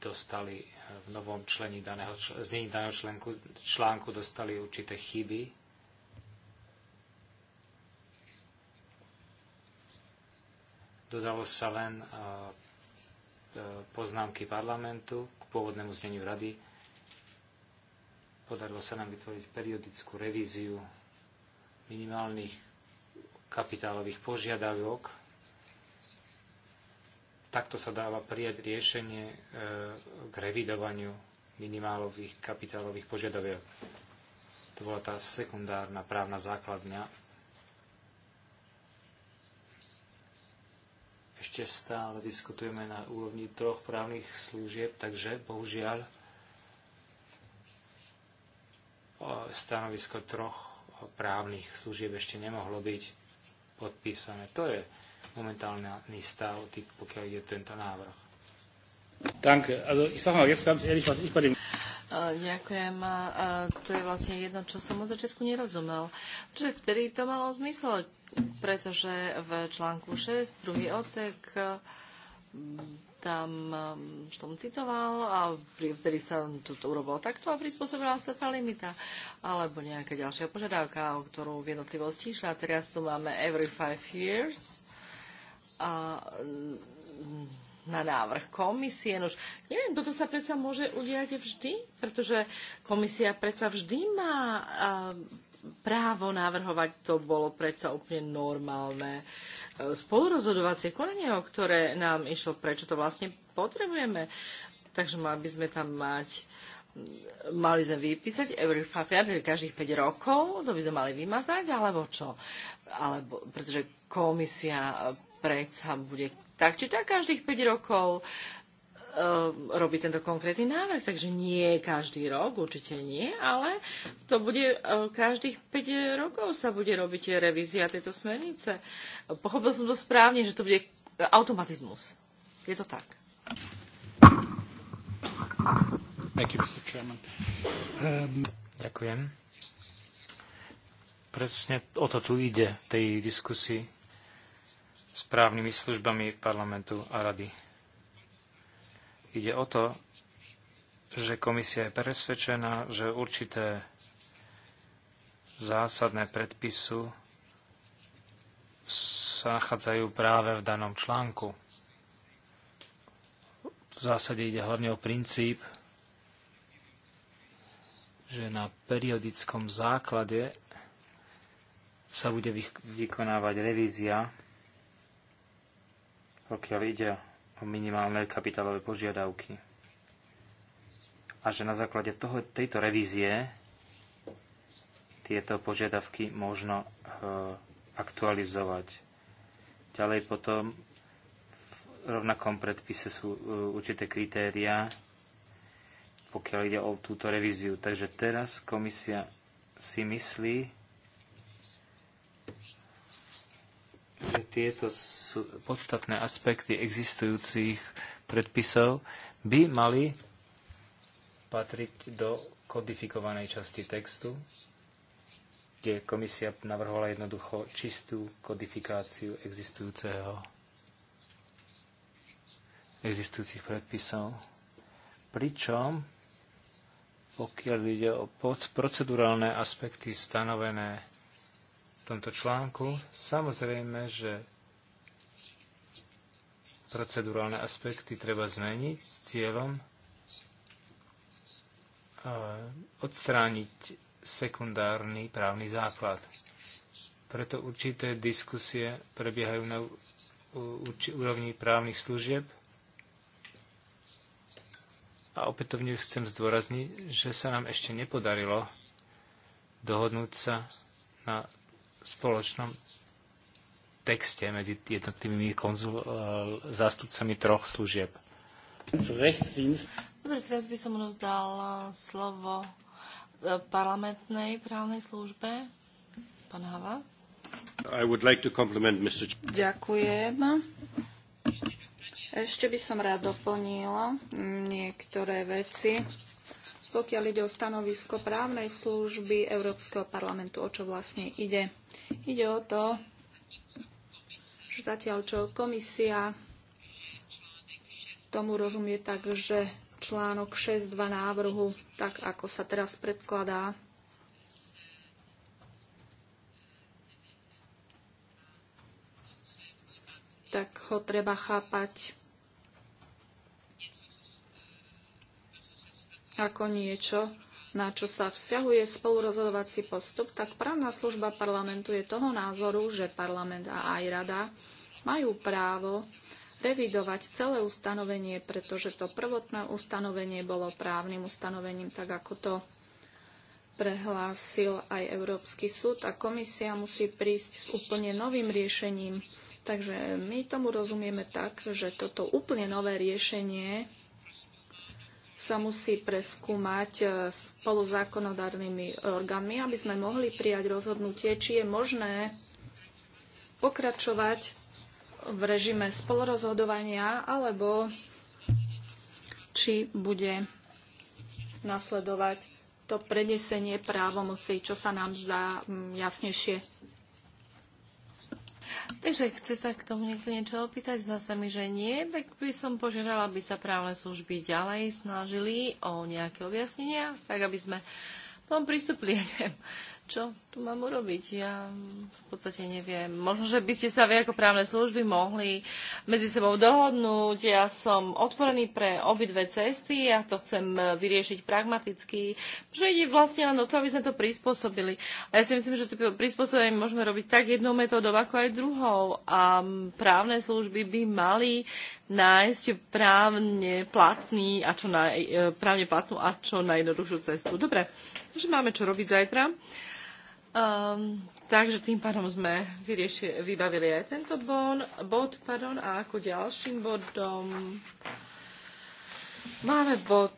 dostali v novom člení daného, znení daného článku, článku dostali určité chyby. Dodalo sa len poznámky parlamentu k pôvodnému zneniu rady. Podarilo sa nám vytvoriť periodickú revíziu minimálnych kapitálových požiadavok Takto sa dáva prijať riešenie e, k revidovaniu minimálových kapitálových požiadaviek. To bola tá sekundárna právna základňa. Ešte stále diskutujeme na úrovni troch právnych služieb, takže bohužiaľ stanovisko troch právnych služieb ešte nemohlo byť podpísané. To je momentálny stav, pokiaľ ide tento návrh. Danke. Also ich sag mal jetzt ganz ehrlich, was ich bei dem Ďakujem. To je vlastne jedno, čo som od začiatku nerozumel. Čiže vtedy to malo zmysel, pretože v článku 6, druhý odsek, tam um, som citoval a vtedy sa to, to urobilo takto a prispôsobila sa tá limita. Alebo nejaká ďalšia požiadavka, o ktorú v jednotlivosti išla. Teraz tu máme every five years a, na návrh komisie. Nož, neviem, toto sa predsa môže udiať vždy, pretože komisia predsa vždy má a, právo navrhovať, to bolo predsa úplne normálne. E, spolurozhodovacie konanie, o ktoré nám išlo, prečo to vlastne potrebujeme. Takže mali by sme tam mať mali sme vypísať Eurofair každých 5 rokov, to by sme mali vymazať, alebo čo? Alebo, pretože komisia predsa bude tak či tak každých 5 rokov ehm, robí tento konkrétny návrh, takže nie každý rok, určite nie, ale to bude ehm, každých 5 rokov sa bude robiť revízia tejto smernice. Pochopil som to správne, že to bude automatizmus. Je to tak. Thank you, Mr. Chairman. Um... Ďakujem. Presne o to tu ide, tej diskusii správnymi službami parlamentu a rady. Ide o to, že komisia je presvedčená, že určité zásadné predpisu sa nachádzajú práve v danom článku. V zásade ide hlavne o princíp, že na periodickom základe sa bude vykonávať revízia pokiaľ ide o minimálne kapitálové požiadavky. A že na základe toho, tejto revízie tieto požiadavky možno e, aktualizovať. Ďalej potom v rovnakom predpise sú e, určité kritéria, pokiaľ ide o túto revíziu. Takže teraz komisia si myslí, že tieto podstatné aspekty existujúcich predpisov by mali patriť do kodifikovanej časti textu, kde komisia navrhovala jednoducho čistú kodifikáciu existujúceho existujúcich predpisov. Pričom, pokiaľ ide o procedurálne aspekty stanovené tomto článku. Samozrejme, že procedurálne aspekty treba zmeniť s cieľom odstrániť sekundárny právny základ. Preto určité diskusie prebiehajú na úrovni právnych služieb a opätovne chcem zdôrazniť, že sa nám ešte nepodarilo dohodnúť sa na spoločnom texte medzi jednotlivými konzul, eh, zástupcami troch služieb. Dobre, teraz by som rozdal eh, slovo eh, parlamentnej právnej službe. Pán Havas. I would like to compliment Mr. Ďakujem. Ešte by som rád doplnila mm, niektoré veci. Pokiaľ ide o stanovisko právnej služby Európskeho parlamentu, o čo vlastne ide? Ide o to, že zatiaľ čo komisia tomu rozumie tak, že článok 6.2 návrhu, tak ako sa teraz predkladá, tak ho treba chápať ako niečo, na čo sa vzťahuje spolurozhodovací postup, tak právna služba parlamentu je toho názoru, že parlament a aj rada majú právo revidovať celé ustanovenie, pretože to prvotné ustanovenie bolo právnym ustanovením, tak ako to prehlásil aj Európsky súd a komisia musí prísť s úplne novým riešením. Takže my tomu rozumieme tak, že toto úplne nové riešenie sa musí preskúmať e, spolu zákonodárnymi orgánmi, aby sme mohli prijať rozhodnutie, či je možné pokračovať v režime spolorozhodovania, alebo či bude nasledovať to prenesenie právomoci, čo sa nám zdá jasnejšie Takže chce sa k tomu niekto niečo opýtať? Zdá sa mi, že nie, tak by som požiadala, aby sa právne služby ďalej snažili o nejaké objasnenia, tak aby sme tom pristúpili, ja neviem, čo tu mám urobiť? Ja v podstate neviem. Možno, že by ste sa vy ako právne služby mohli medzi sebou dohodnúť. Ja som otvorený pre obidve cesty, ja to chcem vyriešiť pragmaticky, že ide vlastne len o to, aby sme to prispôsobili. A ja si myslím, že to prispôsobenie môžeme robiť tak jednou metódou, ako aj druhou. A právne služby by mali nájsť právne platný a čo naj, e, právne platnú a čo najjednoduchšiu cestu. Dobre, takže máme čo robiť zajtra. Um, takže tým pádom sme vyrieši, vybavili aj tento bon, bod. Pardon, a ako ďalším bodom máme bod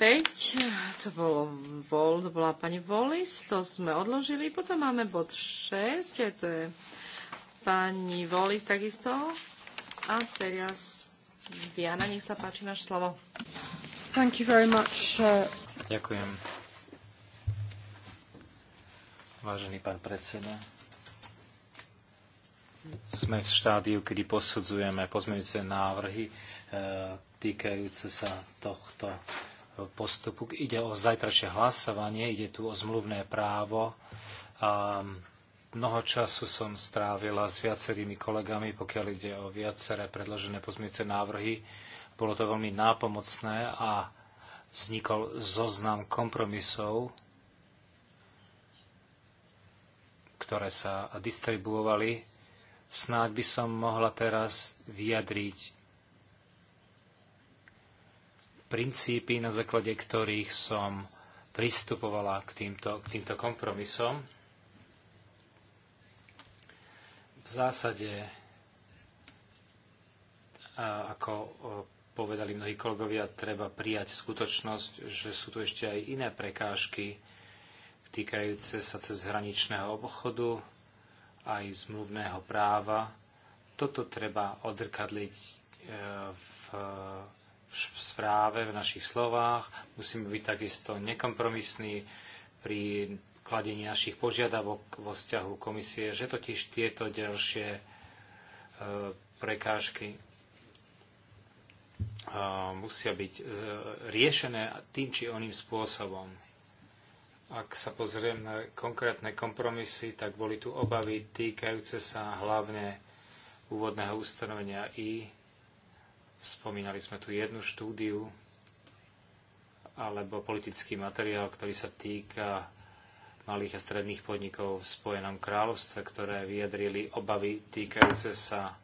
5. To, bolo vol, to bola pani Volis, to sme odložili. Potom máme bod 6, a to je pani Volis takisto. A teraz Diana, nech sa páči, máš slovo. Thank you very much. Uh, Ďakujem Vážený pán predseda, sme v štádiu, kedy posudzujeme pozmeňujúce návrhy e, týkajúce sa tohto postupu. Ide o zajtrajšie hlasovanie, ide tu o zmluvné právo. A mnoho času som strávila s viacerými kolegami, pokiaľ ide o viaceré predložené pozmeňujúce návrhy. Bolo to veľmi nápomocné a vznikol zoznam kompromisov, ktoré sa distribuovali. Snáď by som mohla teraz vyjadriť princípy, na základe ktorých som pristupovala k týmto, k týmto kompromisom. V zásade, ako povedali mnohí kolegovia, treba prijať skutočnosť, že sú tu ešte aj iné prekážky, týkajúce sa cezhraničného obchodu aj zmluvného práva. Toto treba odzrkadliť e, v, v správe, v našich slovách. Musíme byť takisto nekompromisní pri kladení našich požiadavok vo vzťahu komisie, že totiž tieto ďalšie e, prekážky e, musia byť riešené tým či oným spôsobom. Ak sa pozriem na konkrétne kompromisy, tak boli tu obavy týkajúce sa hlavne úvodného ustanovenia I. Spomínali sme tu jednu štúdiu alebo politický materiál, ktorý sa týka malých a stredných podnikov v Spojenom kráľovstve, ktoré vyjadrili obavy týkajúce sa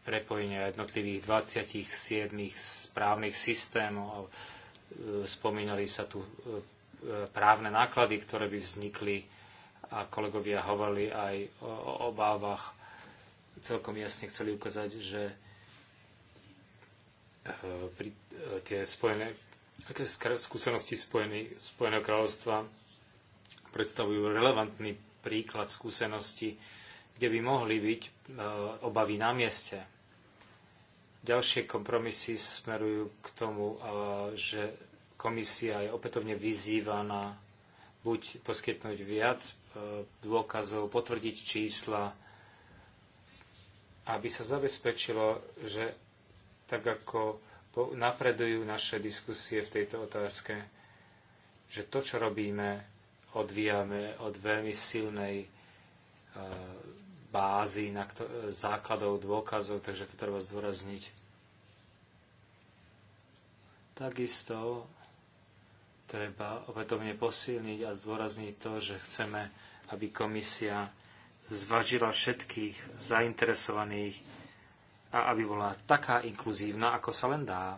prepojenia jednotlivých 27 správnych systémov Spomínali sa tu e, právne náklady, ktoré by vznikli a kolegovia hovorili aj o obávach. Celkom jasne chceli ukázať, že e, pri, e, tie spojené, aké skúsenosti Spojeného kráľovstva predstavujú relevantný príklad skúsenosti, kde by mohli byť obavy na mieste Ďalšie kompromisy smerujú k tomu, že komisia je opätovne vyzývaná buď poskytnúť viac e, dôkazov, potvrdiť čísla, aby sa zabezpečilo, že tak ako napredujú naše diskusie v tejto otázke, že to, čo robíme, odvíjame od veľmi silnej e, bázy, na kto- základov, dôkazov, takže to treba zdôrazniť. Takisto treba opätovne posilniť a zdôrazniť to, že chceme, aby komisia zvažila všetkých zainteresovaných a aby bola taká inkluzívna, ako sa len dá.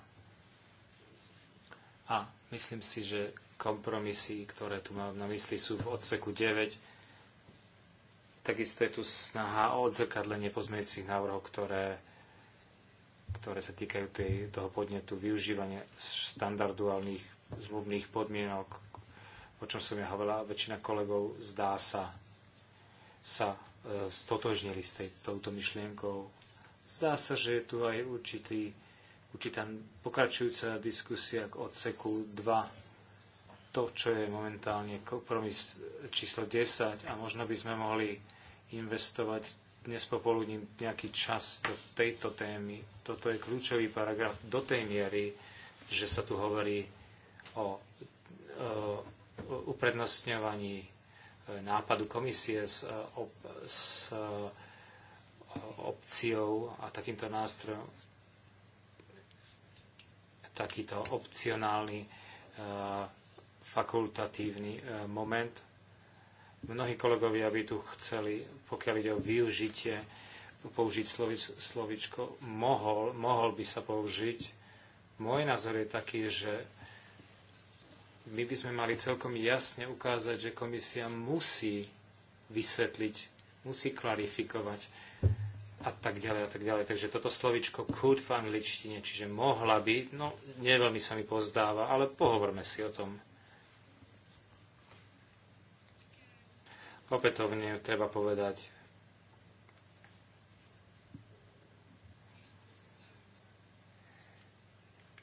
A myslím si, že kompromisy, ktoré tu mám na mysli, sú v odseku 9 Takisto je tu snaha o odzrkadlenie pozmeňujúcich návrhov, ktoré, ktoré sa týkajú tej, toho podnetu využívania štandarduálnych zmluvných podmienok, o čom som ja hovorila. Väčšina kolegov zdá sa, sa e, stotožnili s tej, touto myšlienkou. Zdá sa, že je tu aj určitý, určitá pokračujúca diskusia k odseku 2 to, čo je momentálne kompromis číslo 10 a možno by sme mohli investovať dnes popoludní nejaký čas do tejto témy. Toto je kľúčový paragraf do tej miery, že sa tu hovorí o, e, o uprednostňovaní e, nápadu komisie s, e, ob, s opciou a takýmto nástrojom takýto opcionálny fakultatívny e, moment. Mnohí kolegovia by tu chceli, pokiaľ ide o využitie, použiť slovičko mohol, mohol by sa použiť. Môj názor je taký, že my by sme mali celkom jasne ukázať, že komisia musí vysvetliť, musí klarifikovať a tak ďalej a tak ďalej. Takže toto slovičko could v angličtine, čiže mohla by, no neveľmi sa mi pozdáva, ale pohovorme si o tom. Opätovne treba povedať,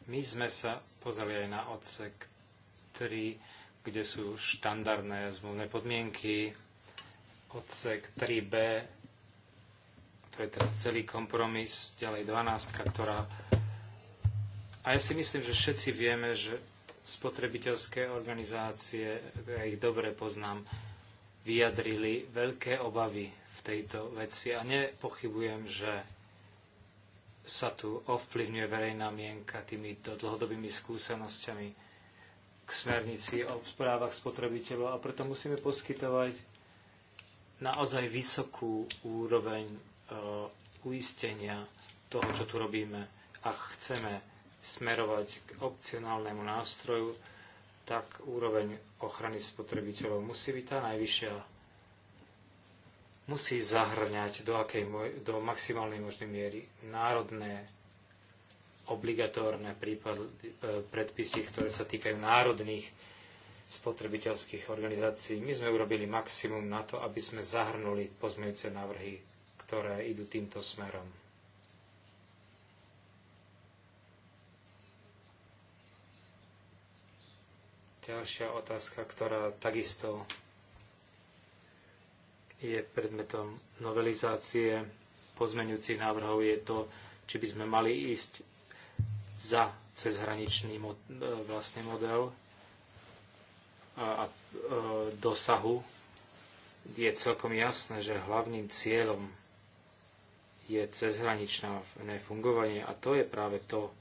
My sme sa pozreli aj na odsek 3, kde sú štandardné zmluvné podmienky. Odsek 3b, to je teraz celý kompromis, ďalej 12, ktorá... A ja si myslím, že všetci vieme, že spotrebiteľské organizácie, ja ich dobre poznám, vyjadrili veľké obavy v tejto veci a nepochybujem, že sa tu ovplyvňuje verejná mienka týmito dlhodobými skúsenosťami k smernici o správach spotrebiteľov a preto musíme poskytovať naozaj vysokú úroveň e, uistenia toho, čo tu robíme a chceme smerovať k opcionálnemu nástroju, tak úroveň ochrany spotrebiteľov musí byť tá najvyššia. Musí zahrňať do, akej, do maximálnej možnej miery národné obligatórne prípad, e, predpisy, ktoré sa týkajú národných spotrebiteľských organizácií. My sme urobili maximum na to, aby sme zahrnuli pozmejúce návrhy, ktoré idú týmto smerom. Ďalšia otázka, ktorá takisto je predmetom novelizácie pozmeňujúcich návrhov, je to, či by sme mali ísť za cezhraničný mod, e, vlastne model a, a e, dosahu. Je celkom jasné, že hlavným cieľom je cezhraničné fungovanie a to je práve to,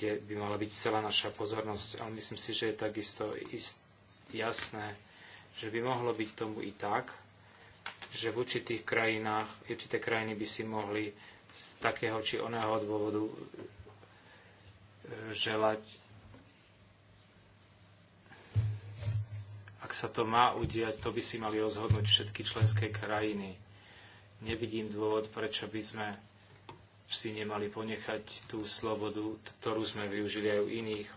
kde by mala byť celá naša pozornosť. Ale myslím si, že je takisto ist, jasné, že by mohlo byť tomu i tak, že v určitých krajinách, určité krajiny by si mohli z takého či oného dôvodu e, želať, ak sa to má udiať, to by si mali rozhodnúť všetky členské krajiny. Nevidím dôvod, prečo by sme si nemali ponechať tú slobodu, ktorú sme využili aj u iných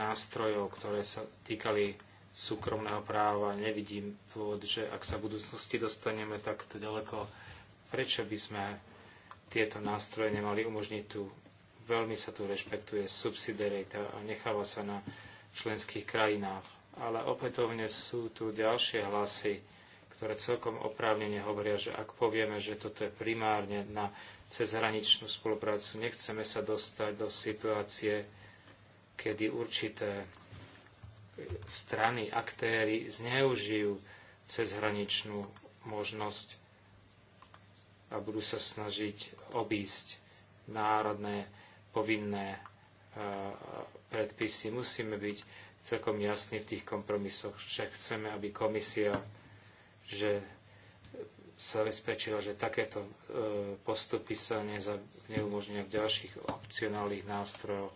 nástrojov, ktoré sa týkali súkromného práva. Nevidím dôvod, že ak sa v budúcnosti dostaneme takto ďaleko, prečo by sme tieto nástroje nemali umožniť tu. Veľmi sa tu rešpektuje subsidiarita a necháva sa na členských krajinách. Ale opätovne sú tu ďalšie hlasy, ktoré celkom oprávnene hovoria, že ak povieme, že toto je primárne na cezhraničnú spoluprácu, nechceme sa dostať do situácie, kedy určité strany, aktéry zneužijú cezhraničnú možnosť a budú sa snažiť obísť národné povinné e, predpisy. Musíme byť celkom jasní v tých kompromisoch, že chceme, aby komisia že sa zabezpečilo, že takéto e, postupy sa neumožňujú v ďalších opcionálnych nástrojoch.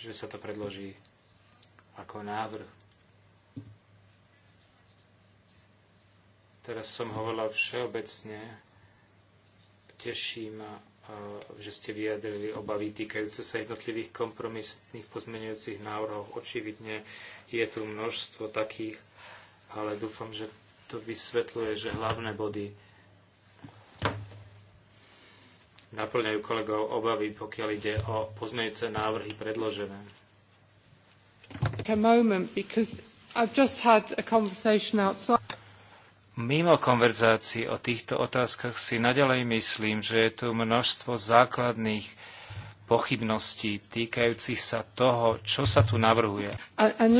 Že sa to predloží ako návrh. Teraz som hovorila všeobecne. Teší ma že ste vyjadrili obavy týkajúce sa jednotlivých kompromisných pozmeňujúcich návrhov. Očividne je tu množstvo takých, ale dúfam, že to vysvetľuje, že hlavné body naplňajú kolegov obavy, pokiaľ ide o pozmeňujúce návrhy predložené. A moment, because I've just had a conversation outside. Mimo konverzácií o týchto otázkach si naďalej myslím, že je tu množstvo základných pochybností týkajúcich sa toho, čo sa tu navrhuje. And,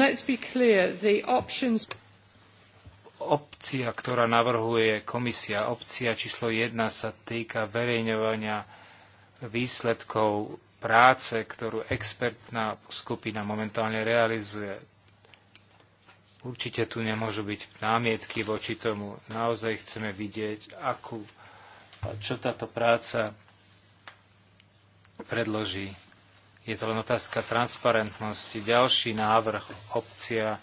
Opcia, ktorá navrhuje komisia, opcia číslo 1 sa týka verejňovania výsledkov práce, ktorú expertná skupina momentálne realizuje Určite tu nemôžu byť námietky voči tomu. Naozaj chceme vidieť, akú, čo táto práca predloží. Je to len otázka transparentnosti. Ďalší návrh opcia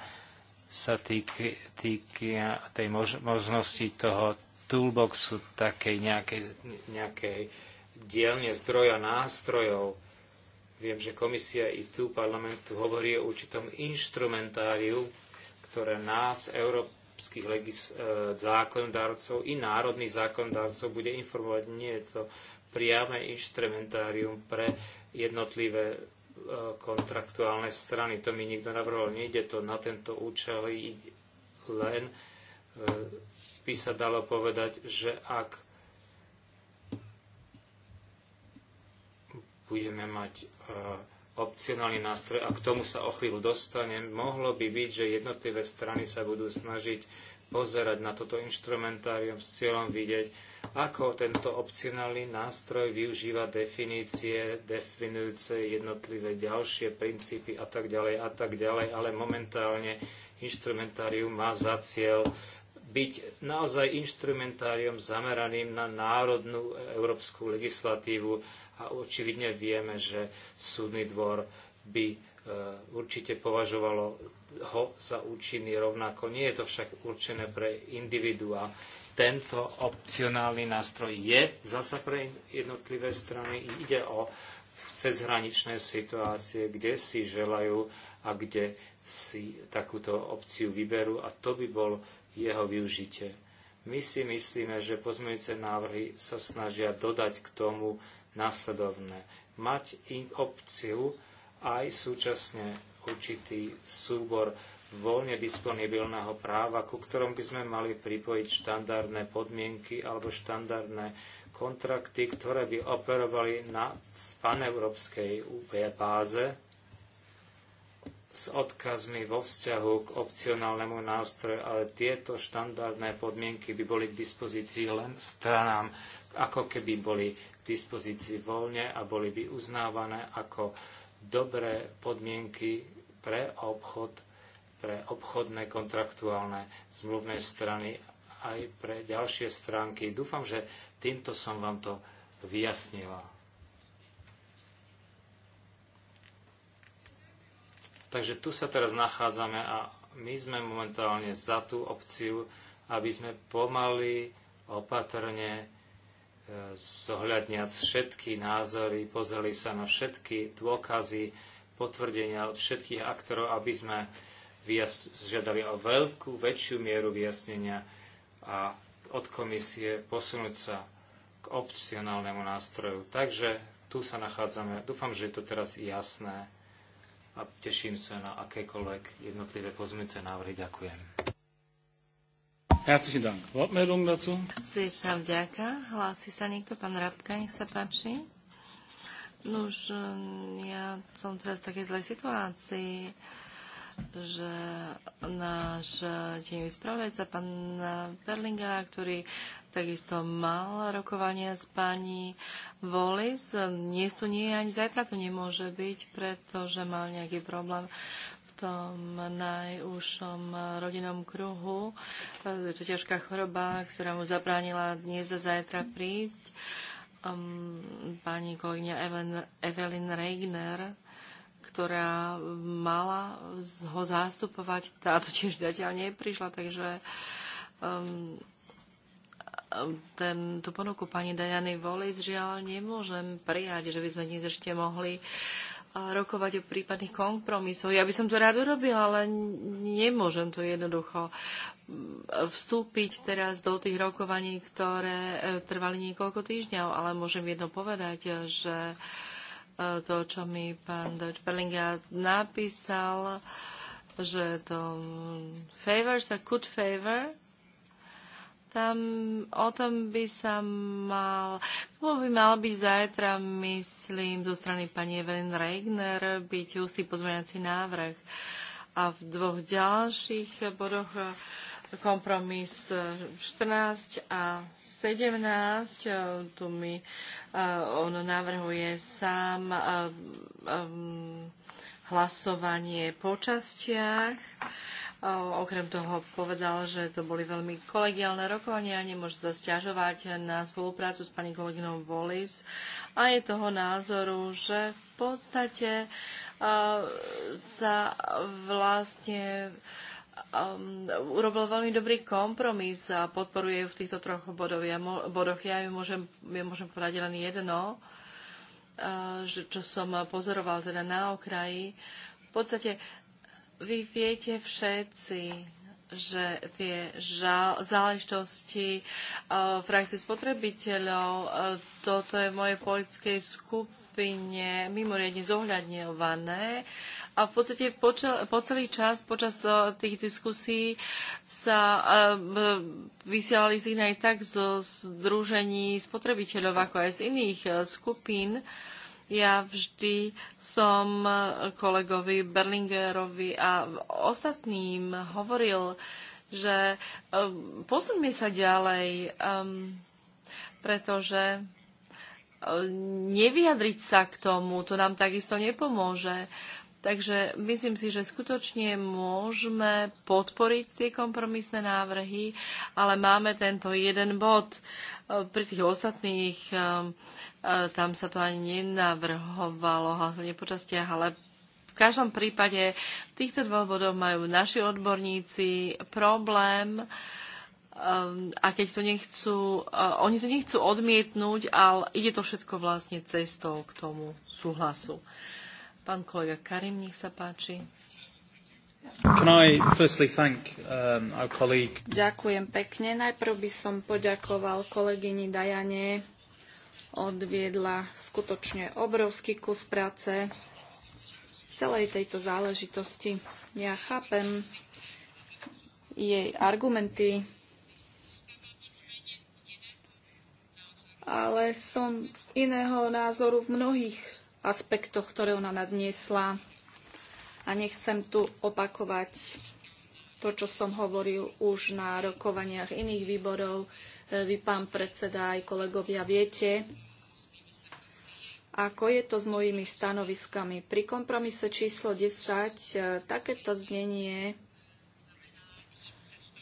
sa týka, týk, tej mož, možnosti toho toolboxu, takej nejakej, nejakej dielne zdroja nástrojov, Viem, že komisia i tu parlamentu hovorí o určitom inštrumentáriu ktoré nás, európskych legis- e, i národných zákondárcov bude informovať. Nie je to priame instrumentárium pre jednotlivé e, kontraktuálne strany. To mi nikto navrhol. Nejde to na tento účel len e, by sa dalo povedať, že ak budeme mať opcionálny nástroj a k tomu sa o chvíľu dostanem. Mohlo by byť, že jednotlivé strany sa budú snažiť pozerať na toto inštrumentárium s cieľom vidieť, ako tento opcionálny nástroj využíva definície, definujúce jednotlivé ďalšie princípy a tak ďalej a tak ďalej, ale momentálne inštrumentárium má za cieľ byť naozaj inštrumentárium zameraným na národnú európsku legislatívu a očividne vieme, že súdny dvor by e, určite považovalo ho za účinný rovnako. Nie je to však určené pre individuá. Tento opcionálny nástroj je zasa pre jednotlivé strany. Ide o cezhraničné situácie, kde si želajú a kde si takúto opciu vyberú a to by bol jeho využitie. My si myslíme, že pozmeňujúce návrhy sa snažia dodať k tomu následovné. Mať opciu aj súčasne určitý súbor voľne disponibilného práva, ku ktorom by sme mali pripojiť štandardné podmienky alebo štandardné kontrakty, ktoré by operovali na paneurópskej báze s odkazmi vo vzťahu k opcionálnemu nástroju, ale tieto štandardné podmienky by boli k dispozícii len stranám, ako keby boli dispozícii voľne a boli by uznávané ako dobré podmienky pre obchod, pre obchodné kontraktuálne zmluvné strany aj pre ďalšie stránky. Dúfam, že týmto som vám to vyjasnila. Takže tu sa teraz nachádzame a my sme momentálne za tú opciu, aby sme pomaly, opatrne zohľadniac všetky názory, pozreli sa na všetky dôkazy, potvrdenia od všetkých aktorov, aby sme žiadali o veľkú, väčšiu mieru vyjasnenia a od komisie posunúť sa k opcionálnemu nástroju. Takže tu sa nachádzame. Dúfam, že je to teraz jasné a teším sa na akékoľvek jednotlivé pozmice návrhy. Ďakujem. Herzlichen Dank. Wortmeldungen dazu? Srdečná vďaka. Hlási sa niekto? Pán Rabka, nech sa páči. No už e, ja som teraz v takej zlej situácii, že náš deňový e, spravodajca, pán Berlingera, ktorý takisto mal rokovanie s pani Volis, dnes tu nie ani zajtra tu nemôže byť, pretože mal nejaký problém tom najúžšom eh, rodinnom kruhu. Eh, je to ťažká choroba, ktorá mu zabránila dnes a zajtra prísť. Um, pani kolegyňa Evelyn Reigner, ktorá mala ho zástupovať, táto tiež zatiaľ neprišla, takže um, ten, tú ponuku pani Dajany Volis žiaľ nemôžem prijať, že by sme dnes ešte mohli uh, rokovať o prípadných kompromisoch. Ja by som to rád urobil, ale nemôžem to jednoducho mm, vstúpiť teraz do tých rokovaní, ktoré e, trvali niekoľko týždňov, ale môžem jedno povedať, že e, to, čo mi pán Deutsch Perlinga napísal, že to mm, favors a could favor, tam, o tom by sa mal, to by mal byť zajtra, myslím, zo strany pani Evelyn Regner, byť ústý pozmeňací návrh. A v dvoch ďalších bodoch e, kompromis 14 e, a 17, e, tu mi on navrhuje sám hlasovanie po častiach Okrem toho povedal, že to boli veľmi kolegiálne rokovania, nemôže sa stiažovať na spoluprácu s pani kolegynou Wallis a je toho názoru, že v podstate sa vlastne um, urobil veľmi dobrý kompromis a podporuje ju v týchto troch bodoch. Ja, mo, bodoch. ja ju môžem, ja môžem povedať len jedno, uh, že, čo som pozoroval teda na okraji. V podstate vy viete všetci, že tie žal, záležitosti uh, e, frakcie spotrebiteľov, uh, toto je v mojej politickej skupine mimoriadne zohľadňované. A v podstate po celý čas, počas to, tých diskusí sa uh, vysielali signály tak zo združení spotrebiteľov, ako aj z iných uh, skupín. Uh, ja vždy som e, kolegovi Berlingerovi a ostatným hovoril, že e, posuňme sa ďalej, pretože e, nevyjadriť sa k tomu, to nám takisto nepomôže. Takže myslím si, že skutočne môžeme podporiť tie kompromisné návrhy, ale máme tento jeden bod. E, pri tých ostatných e, e, tam sa to ani nenavrhovalo hlasovanie po ale v každom prípade v týchto dvoch bodoch majú naši odborníci problém a keď to nechcú, oni to nechcú odmietnúť, ale ide to všetko vlastne cestou k tomu súhlasu. Pán kolega Karim, nech sa páči. Thank, um, Ďakujem pekne. Najprv by som poďakoval kolegyni Dajane. Odviedla skutočne obrovský kus práce v celej tejto záležitosti. Ja chápem jej argumenty, ale som iného názoru v mnohých aspektoch, ktoré ona nadniesla. A nechcem tu opakovať to, čo som hovoril už na rokovaniach iných výborov. E, vy, pán predseda, aj kolegovia, viete, ako je to s mojimi stanoviskami. Pri kompromise číslo 10 e, takéto znenie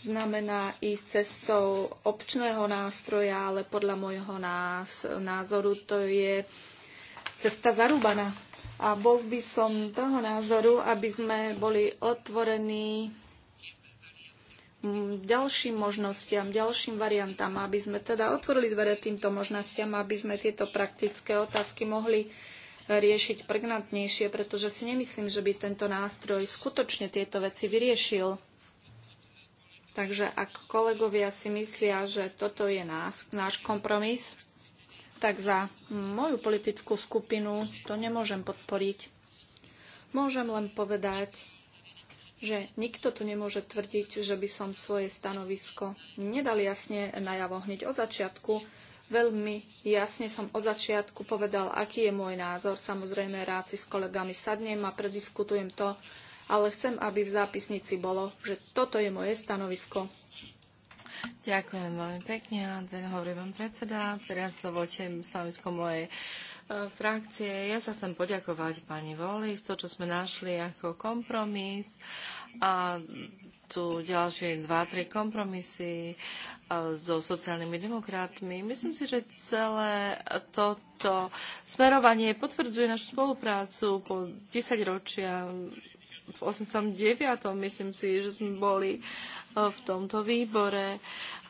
znamená ísť cestou občného nástroja, ale podľa môjho názoru to je cesta zarúbaná. A bol by som toho názoru, aby sme boli otvorení ďalším možnostiam, ďalším variantám, aby sme teda otvorili dvere týmto možnostiam, aby sme tieto praktické otázky mohli riešiť pregnantnejšie, pretože si nemyslím, že by tento nástroj skutočne tieto veci vyriešil. Takže ak kolegovia si myslia, že toto je nás, náš kompromis, tak za moju politickú skupinu to nemôžem podporiť. Môžem len povedať, že nikto tu nemôže tvrdiť, že by som svoje stanovisko nedal jasne najavo hneď od začiatku. Veľmi jasne som od začiatku povedal, aký je môj názor. Samozrejme, rád si s kolegami sadnem a prediskutujem to, ale chcem, aby v zápisnici bolo, že toto je moje stanovisko. Ďakujem veľmi pekne, ten teda hovorí vám predseda. Teraz dovolte stanovisko mojej e, frakcie. Ja sa chcem poďakovať pani Voli z to, čo sme našli ako kompromis a tu ďalšie dva, tri kompromisy e, so sociálnymi demokratmi. Myslím si, že celé toto smerovanie potvrdzuje našu spoluprácu po 10 ročia v 89. myslím si, že sme boli e, v tomto výbore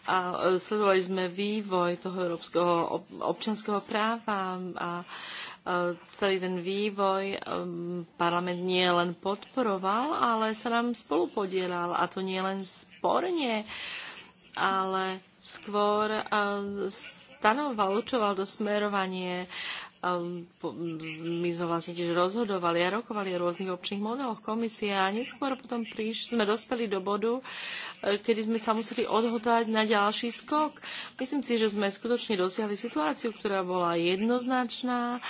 a e, sledovali sme vývoj toho európskeho občanského práva a e, celý ten vývoj parlament nie len podporoval, ale sa nám spolupodielal a to nie len sporne, ale skôr stanoval, učoval do smerovanie Ehm, my sme vlastne tiež rozhodovali a rokovali o rôznych občných modeloch komisie a neskôr potom prišli, sme dospeli do bodu, e, kedy sme sa museli odhodlať na ďalší skok. Myslím si, že sme skutočne dosiahli situáciu, ktorá bola jednoznačná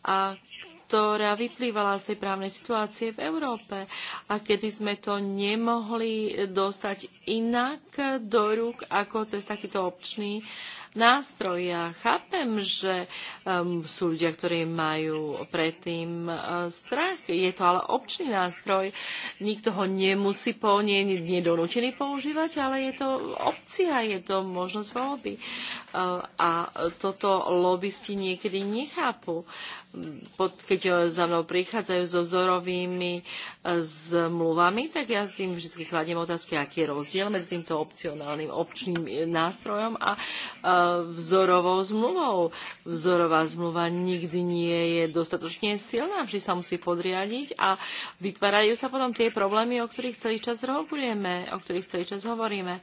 a ktorá vyplývala z tej právnej situácie v Európe a kedy sme to nemohli dostať inak do rúk ako cez takýto občný uh, nástroj. Ja chápem, že um, sú ľudia, ktorí majú predtým uh, strach. Je to ale občný nástroj. Nikto ho nemusí po nie, nie donútený používať, ale je to opcia, je to možnosť voľby. Uh, a toto lobbysti niekedy nechápu. Um, pod, keď uh, za mnou prichádzajú so vzorovými zmluvami, tak ja si im vždy kladiem otázky, aký je rozdiel medzi týmto opcionálnym občným nástrojom a e, vzorovou zmluvou. Vzorová zmluva nikdy nie je dostatočne silná, vždy sa musí podriadiť a vytvárajú sa potom tie problémy, o ktorých celý čas rokujeme, o ktorých celý čas hovoríme.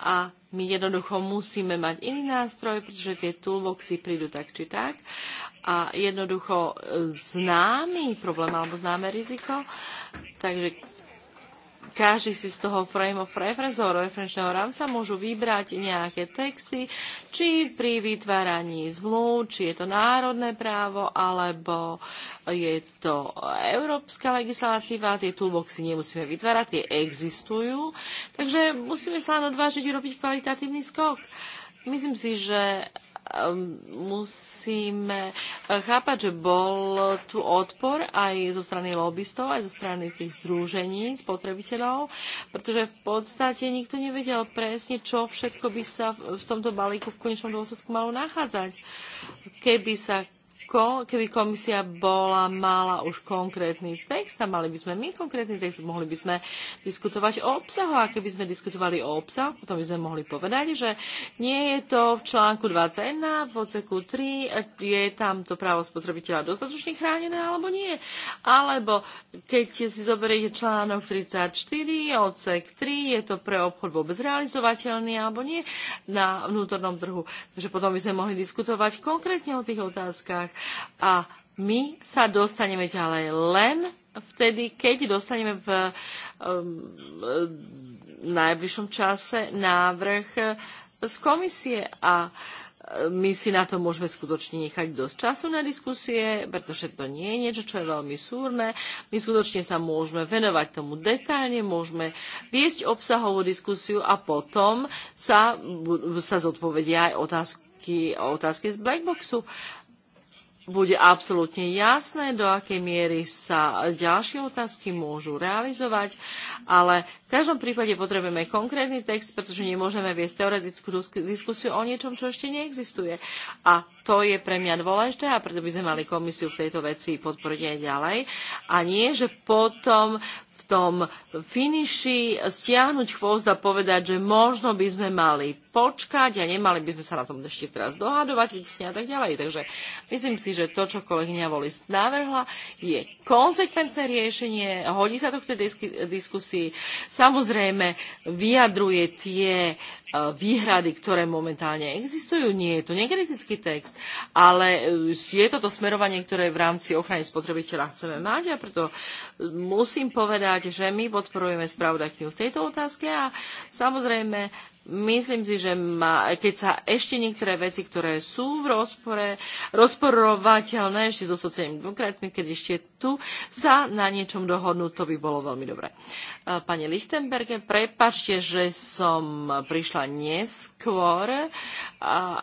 A my jednoducho musíme mať iný nástroj, pretože tie toolboxy prídu tak či tak a jednoducho známy problém alebo známe riziko. Takže každý si z toho frame of reference, referenčného rámca môžu vybrať nejaké texty, či pri vytváraní zmluv, či je to národné právo, alebo je to európska legislatíva, tie toolboxy nemusíme vytvárať, tie existujú, takže musíme sa len odvážiť urobiť kvalitatívny skok. Myslím si, že Ehm, musíme eh, chápať, že bol tu odpor aj zo strany lobbystov, aj zo strany tých združení spotrebiteľov, pretože v podstate nikto nevedel presne, čo všetko by sa v tomto balíku v konečnom dôsledku malo nachádzať. Keby sa ko, keby komisia bola, mala už konkrétny text a mali by sme my konkrétny text, mohli by sme diskutovať o obsahu a keby sme diskutovali o obsahu, potom by sme mohli povedať, že nie je to v článku 21, v odseku 3, je tam to právo spotrebiteľa dostatočne chránené alebo nie. Alebo keď si zoberiete článok 34, odsek 3, je to pre obchod vôbec realizovateľný alebo nie na vnútornom trhu. Takže potom by sme mohli diskutovať konkrétne o tých otázkach a my sa dostaneme ďalej len vtedy, keď dostaneme v um, najbližšom čase návrh z komisie a um, my si na to môžeme skutočne nechať dosť času na diskusie, pretože to nie je niečo, čo je veľmi súrne. My skutočne sa môžeme venovať tomu detailne, môžeme viesť obsahovú diskusiu a potom sa, sa zodpovedia aj otázky, otázky z Blackboxu. Uh, bude absolútne jasné, do akej miery sa ďalšie otázky môžu realizovať, ale v každom prípade potrebujeme konkrétny text, pretože nemôžeme viesť teoretickú diskusiu o niečom, čo ešte neexistuje. A to je pre mňa dôležité a preto by sme mali komisiu v tejto veci podporiť aj ďalej. A nie, že potom v tom finiši stiahnuť chvost a povedať, že možno by sme mali počkať a nemali by sme sa na tom ešte teraz dohadovať vysne a tak ďalej. Takže myslím si, že to, čo kolegyňa Volis navrhla, je konsekventné riešenie, hodí sa to k tej diskusii. Samozrejme, vyjadruje tie e, výhrady, ktoré momentálne existujú. Nie je to nekritický text, ale e, je to to smerovanie, ktoré v rámci ochrany spotrebiteľa chceme mať a preto e, musím povedať, že my podporujeme spravodajkňu v tejto otázke a samozrejme Myslím si, že má, keď sa ešte niektoré veci, ktoré sú v rozpore, rozporovateľné ešte so sociálnymi demokratmi, keď ešte tu sa na niečom dohodnú, to by bolo veľmi dobré. Pani Lichtenberge, prepačte, že som prišla neskôr,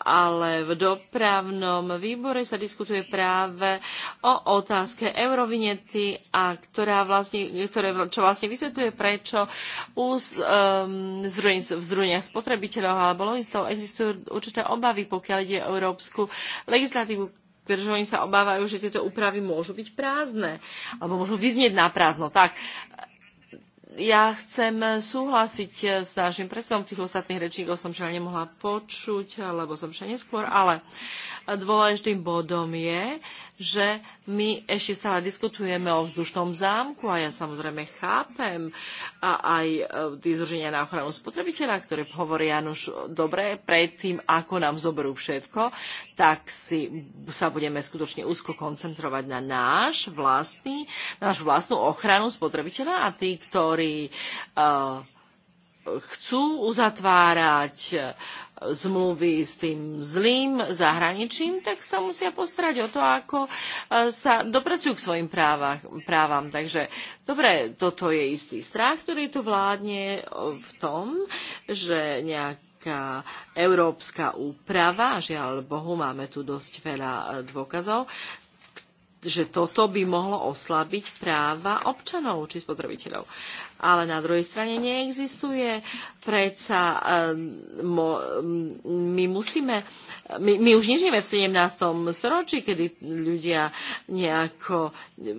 ale v dopravnom výbore sa diskutuje práve o otázke eurovinety, a ktorá vlastne, ktoré, čo vlastne vysvetuje, prečo um, v um, združeniach spotrebiteľov, alebo lobbystov existujú určité obavy, pokiaľ ide o európsku legislatívu, pretože oni sa obávajú, že tieto úpravy môžu byť prázdne, alebo môžu vyznieť na prázdno. Tak, ja chcem súhlasiť s našim predsedom tých ostatných rečníkov, som žiaľ nemohla počuť, lebo som šla neskôr, ale dôležitým bodom je, že my ešte stále diskutujeme o vzdušnom zámku a ja samozrejme chápem a aj e, tie združenia na ochranu spotrebiteľa, ktoré hovoria, no už dobre, predtým, ako nám zoberú všetko, tak si sa budeme skutočne úzko koncentrovať na náš vlastný, náš vlastnú ochranu spotrebiteľa a tí, ktorí uh, chcú uzatvárať uh, zmluvy s tým zlým zahraničím, tak sa musia postarať o to, ako e, sa dopracujú k svojim právach, právam. Takže dobre, toto je istý strach, ktorý tu vládne e, v tom, že nejak nejaká európska úprava, žiaľ Bohu, máme tu dosť veľa e, dôkazov, že toto by mohlo oslabiť práva občanov či spotrebiteľov ale na druhej strane neexistuje. Predsa ehm, mo, my musíme, my, my už nežijeme v 17. storočí, kedy ľudia nejako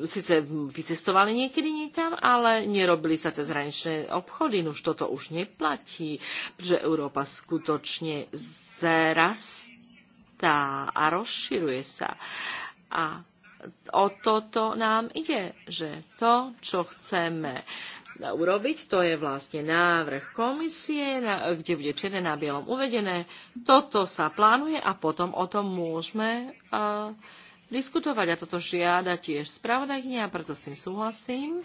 síce vycestovali niekedy niekam, ale nerobili sa cez hraničné obchody. Už toto už neplatí, že Európa skutočne zrastá a rozširuje sa. A o toto nám ide, že to, čo chceme urobiť. To je vlastne návrh komisie, na, kde bude černé na bielom uvedené. Toto sa plánuje a potom o tom môžeme uh, diskutovať. A toto žiada tiež spravodajkynia, preto s tým súhlasím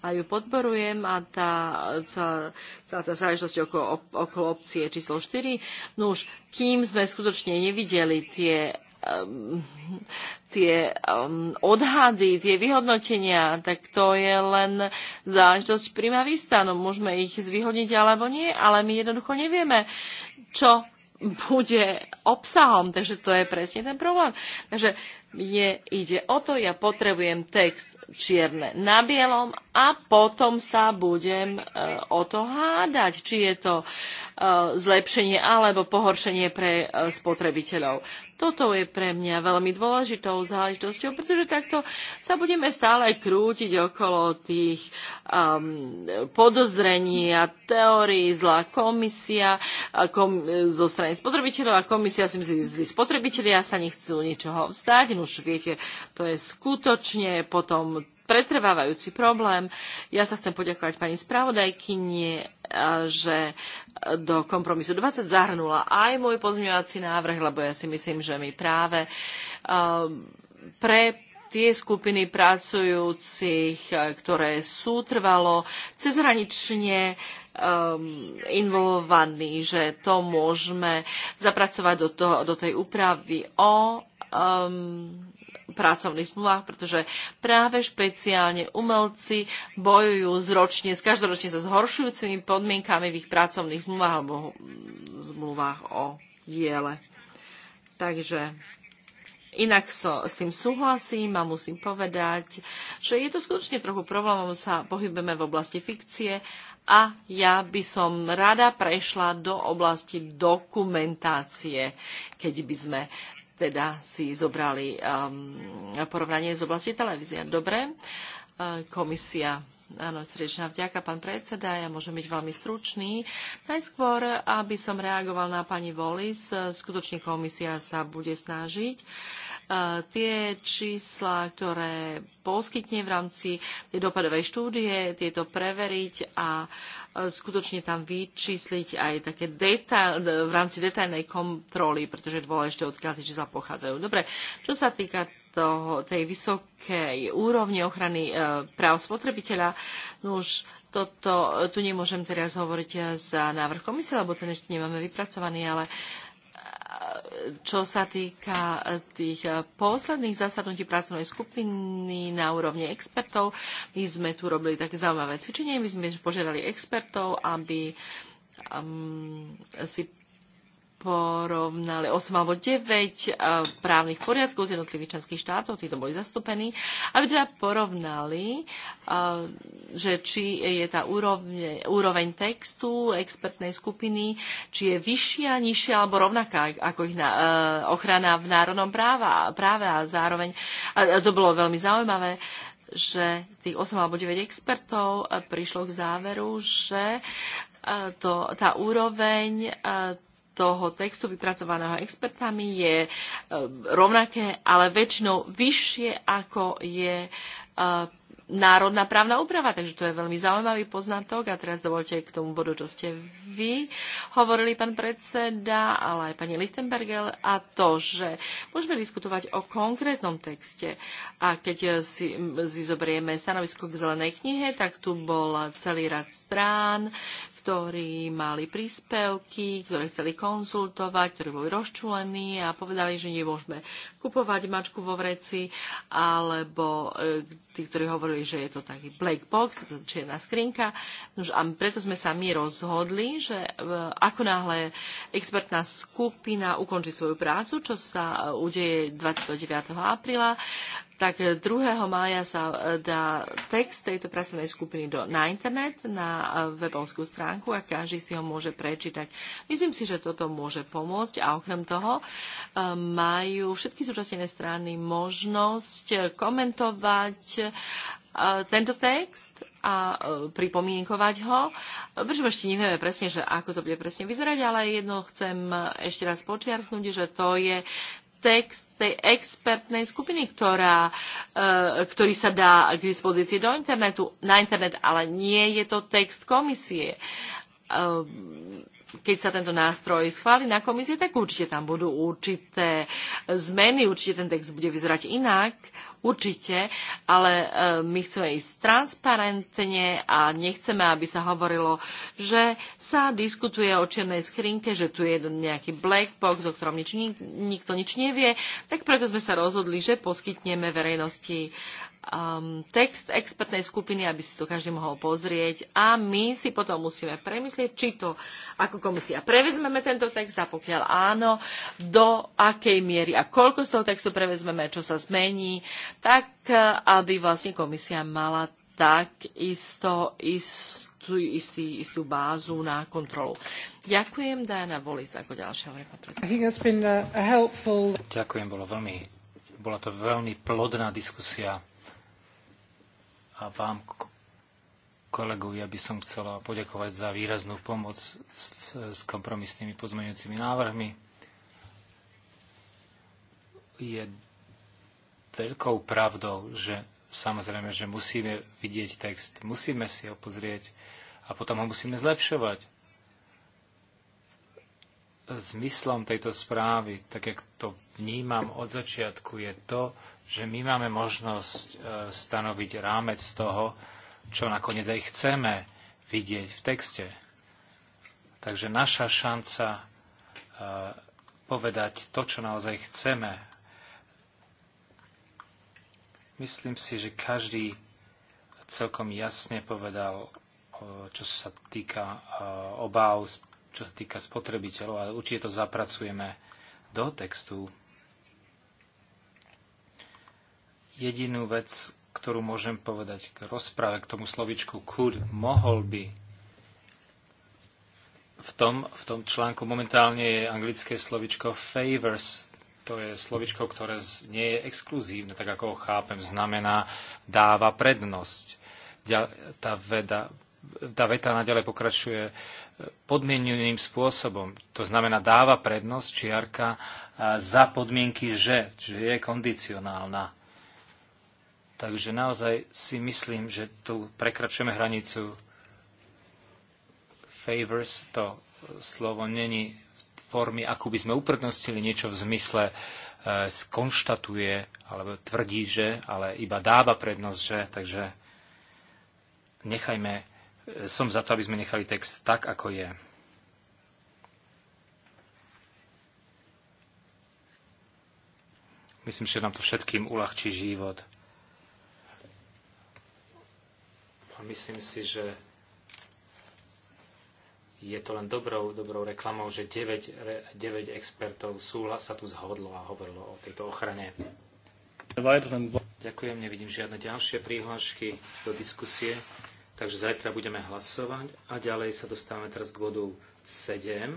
a ju podporujem a tá, tá, tá, tá záležitosť okolo, okolo opcie číslo 4. No už, kým sme skutočne nevideli tie Ehm, tie ehm, odhady, tie vyhodnotenia, tak to je len záležitosť prima vista. No, môžeme ich zvyhodniť alebo nie, ale my jednoducho nevieme, čo bude obsahom. Takže to je presne ten problém. Takže mne ide o to, ja potrebujem text čierne na bielom a potom sa budem e, o to hádať, či je to e, zlepšenie alebo pohoršenie pre e, spotrebiteľov. Toto je pre mňa veľmi dôležitou záležitosťou, pretože takto sa budeme stále krútiť okolo tých um, podozrení a teórií zlá komisia kom, zo strany spotrebiteľov a komisia si myslí, že spotrebitelia sa nechcú ničoho vzdať. No už viete, to je skutočne potom pretrvávajúci problém. Ja sa chcem poďakovať pani spravodajkyni, eh, že eh, do kompromisu 20 zahrnula aj môj pozmeňovací návrh, lebo ja si myslím, že my práve eh, pre tie skupiny pracujúcich, ktoré sú trvalo cezhranične involovaní, že to môžeme zapracovať do, toho, do tej úpravy o um, pracovných zmluvách, pretože práve špeciálne umelci bojujú s ročne, s každoročne sa zhoršujúcimi podmienkami v ich pracovných zmluvách alebo zmluvách o diele. Takže Inak so, s tým súhlasím a musím povedať, že je to skutočne trochu problémom, sa pohybujeme v oblasti fikcie a ja by som rada prešla do oblasti dokumentácie, keď by sme teda si zobrali um, porovnanie z oblasti televízie. Dobre, uh, komisia. Áno, srdečná vďaka, pán predseda. Ja môžem byť veľmi stručný. Najskôr, aby som reagoval na pani Volis, uh, skutočne komisia sa bude snažiť uh, Tie čísla, ktoré poskytne v rámci tej dopadovej štúdie, tieto preveriť a skutočne tam vyčísliť aj také detail, v rámci detailnej kontroly, pretože je dôležité, odkiaľ tie čísla pochádzajú. Dobre, čo sa týka toho, tej vysokej úrovne ochrany e, práv spotrebiteľa, no už toto, tu nemôžem teraz hovoriť za návrh komisie, lebo ten ešte nemáme vypracovaný, ale čo sa týka eh, tých eh, posledných zasadnutí pracovnej skupiny na úrovni expertov, my sme tu robili také zaujímavé cvičenie, my sme požiadali expertov, aby um, si porovnali 8 alebo 9 eh, právnych poriadkov z jednotlivých členských štátov, títo boli zastúpení, aby teda porovnali, eh, že či je tá úroveň, úroveň textu expertnej skupiny, či je vyššia, nižšia alebo rovnaká ako ich na, eh, ochrana v národnom práva, práve a zároveň, a to bolo veľmi zaujímavé, že tých 8 alebo 9 expertov prišlo k záveru, že to, tá úroveň toho textu vypracovaného expertami je e, rovnaké, ale väčšinou vyššie, ako je e, národná právna úprava, takže to je veľmi zaujímavý poznatok. A teraz dovolte k tomu bodu, čo ste vy hovorili, pán predseda, ale aj pani Lichtenberger, a to, že môžeme diskutovať o konkrétnom texte. A keď si, si zoberieme stanovisko k zelenej knihe, tak tu bol celý rad strán, ktorí mali príspevky, ktoré chceli konzultovať, ktorí boli rozčúlení a povedali, že nemôžeme kupovať mačku vo vreci, alebo e, tí, ktorí hovorili, že je to taký black box, čierna skrinka. Nož, a preto sme sa my rozhodli, že e, ako náhle expertná skupina ukončí svoju prácu, čo sa e, udeje 29. apríla, tak 2. Eh, mája sa eh, dá text tejto pracovnej skupiny do, na internet, na eh, webovskú stránku a každý si ho môže prečítať. Myslím si, že toto môže pomôcť a okrem toho majú všetky súčasné strany možnosť komentovať tento text a pripomienkovať ho. Pričom ešte nevieme presne, že ako to bude presne vyzerať, ale jedno chcem ešte raz počiarknúť, že to je text tej expertnej skupiny, ktorá, e, ktorý sa dá k dispozícii do internetu, na internet, ale nie je to text komisie. Ehm, keď sa tento nástroj schváli na komisie, tak určite tam budú určité zmeny, určite ten text bude vyzerať inak, určite, ale ehm, my chceme ísť transparentne a nechceme, aby sa hovorilo, že sa diskutuje o čiernej skrinke, že tu je nejaký black box, o ktorom nič, nikto nič nevie, tak preto sme sa rozhodli, že poskytneme verejnosti uh, um, text expertnej skupiny, aby si to každý mohol pozrieť a my si potom musíme premyslieť, či to ako komisia prevezmeme tento text a pokiaľ áno, do akej miery a koľko z toho textu prevezmeme, čo sa zmení, tak eh, aby vlastne komisia mala tak isto, istú, istý, istú bázu na kontrolu. Ďakujem, Diana Volis, ako ďalšia eh, Ďakujem, bolo veľmi, bola to veľmi plodná diskusia a vám, kolegovi, aby som chcela poďakovať za výraznú pomoc s kompromisnými pozmeňujúcimi návrhmi. Je veľkou pravdou, že samozrejme, že musíme vidieť text, musíme si ho pozrieť a potom ho musíme zlepšovať. Zmyslom tejto správy, tak jak to vnímam od začiatku, je to, že my máme možnosť e, stanoviť rámec toho, čo nakoniec aj chceme vidieť v texte. Takže naša šanca e, povedať to, čo naozaj chceme. Myslím si, že každý celkom jasne povedal, e, čo sa týka obáv, čo sa týka spotrebiteľov ale určite to zapracujeme do textu Jedinú vec, ktorú môžem povedať k rozprave, k tomu slovičku could, mohol by, v tom, v tom článku momentálne je anglické slovičko favors. To je slovičko, ktoré nie je exkluzívne, tak ako ho chápem, znamená dáva prednosť. Tá, veda, tá veta naďalej pokračuje e, podmieneným spôsobom. To znamená dáva prednosť čiarka e, za podmienky, že, že je kondicionálna. Takže naozaj si myslím, že tu prekračujeme hranicu. Favors to slovo není v formy, akú by sme uprednostili niečo v zmysle eh, skonštatuje alebo tvrdí, že, ale iba dáva prednosť, že, takže nechajme, e, som za to, aby sme nechali text tak, ako je. Myslím, že nám to všetkým uľahčí život. A myslím si, že je to len dobrou, dobrou reklamou, že 9, 9 expertov súhlas sa tu zhodlo a hovorilo o tejto ochrane. Ďakujem, nevidím žiadne ďalšie príhlášky do diskusie, takže zajtra budeme hlasovať a ďalej sa dostávame teraz k bodu 7. E,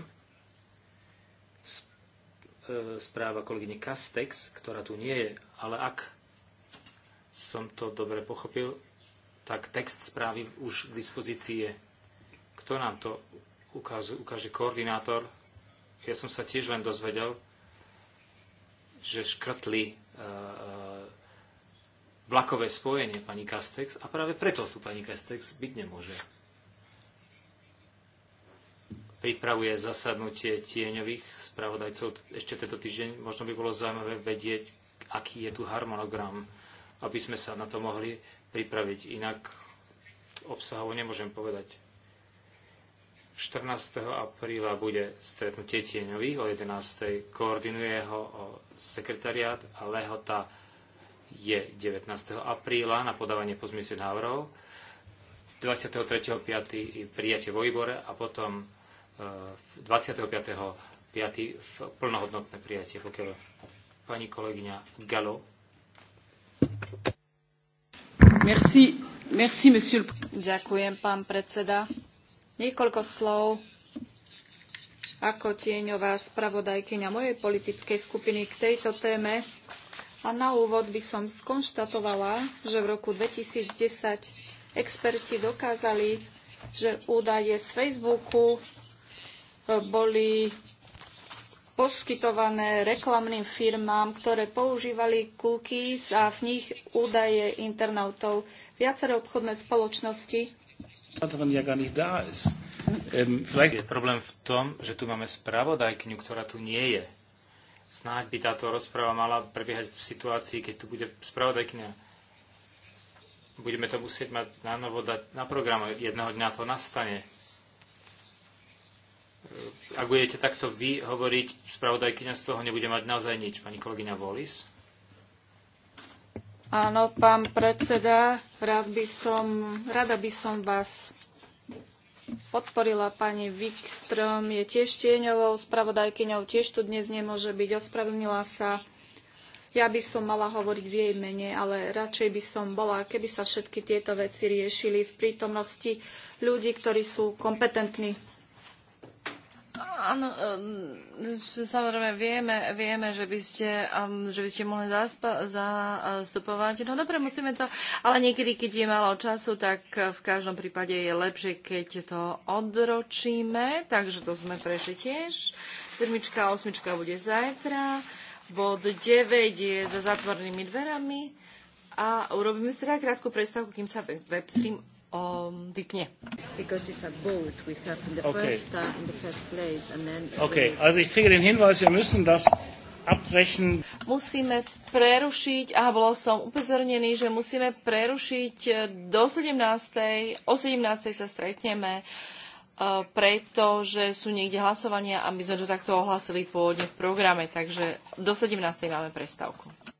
správa kolegyne Castex, ktorá tu nie je, ale ak som to dobre pochopil, tak text správy už k dispozícii je. Kto nám to ukáže? Ukáže koordinátor. Ja som sa tiež len dozvedel, že škrtli e, e, vlakové spojenie pani Kastex a práve preto tu pani Kastex byť nemôže. Pripravuje zasadnutie tieňových spravodajcov ešte tento týždeň. Možno by bolo zaujímavé vedieť, aký je tu harmonogram, aby sme sa na to mohli pripraviť. Inak obsahovo nemôžem povedať. 14. apríla bude stretnutie tieňových o 11. Koordinuje ho sekretariát a lehota je 19. apríla na podávanie pozmiesných návrhov. 23.5. prijatie vo výbore a potom 25.5. E, plnohodnotné prijatie, pokiaľ pani kolegyňa Galo. Ďakujem, pán predseda. Niekoľko slov ako tieňová spravodajkyňa mojej politickej skupiny k tejto téme. A na úvod by som skonštatovala, že v roku 2010 experti dokázali, že údaje z Facebooku eh, boli poskytované reklamným firmám, ktoré používali cookies a v nich údaje internautov. Viaceré obchodné spoločnosti. Ähm, je problém v tom, že tu máme spravodajkňu, ktorá tu nie je. Snáď by táto rozpráva mala prebiehať v situácii, keď tu bude spravodajkňa. Budeme to musieť mať na novo dať na program. Jedného dňa to nastane E, ak budete takto vy hovoriť, spravodajkyňa z toho nebude mať naozaj nič. Pani kolegyňa Volis. Áno, pán predseda, rád by som, rada by som vás podporila pani Wikström, je tiež tieňovou spravodajkyňou, tiež tu dnes nemôže byť, ospravedlnila sa. Ja by som mala hovoriť v jej mene, ale radšej by som bola, keby sa všetky tieto veci riešili v prítomnosti ľudí, ktorí sú kompetentní. Áno, ehm, samozrejme vieme, vieme že, by ste, ehm, že by ste mohli zaspa, zastupovať. No dobre, musíme to, ale niekedy, keď je málo času, tak eh, v každom prípade je lepšie, keď to odročíme. Takže to sme prešli tiež. Sedmička, osmička bude zajtra. Bod 9 je za zatvorenými dverami. A urobíme si teda krátku prestávku, kým sa webstream um, vypne. Okay. also ich kriege den Hinweis, wir müssen das abbrechen. Musíme prerušiť, a bolo som upozornený, že musíme prerušiť e, do 17. O 17. sa stretneme, e, pretože sú niekde hlasovania a my sme to takto ohlasili pôvodne v programe, takže do 17. máme prestávku.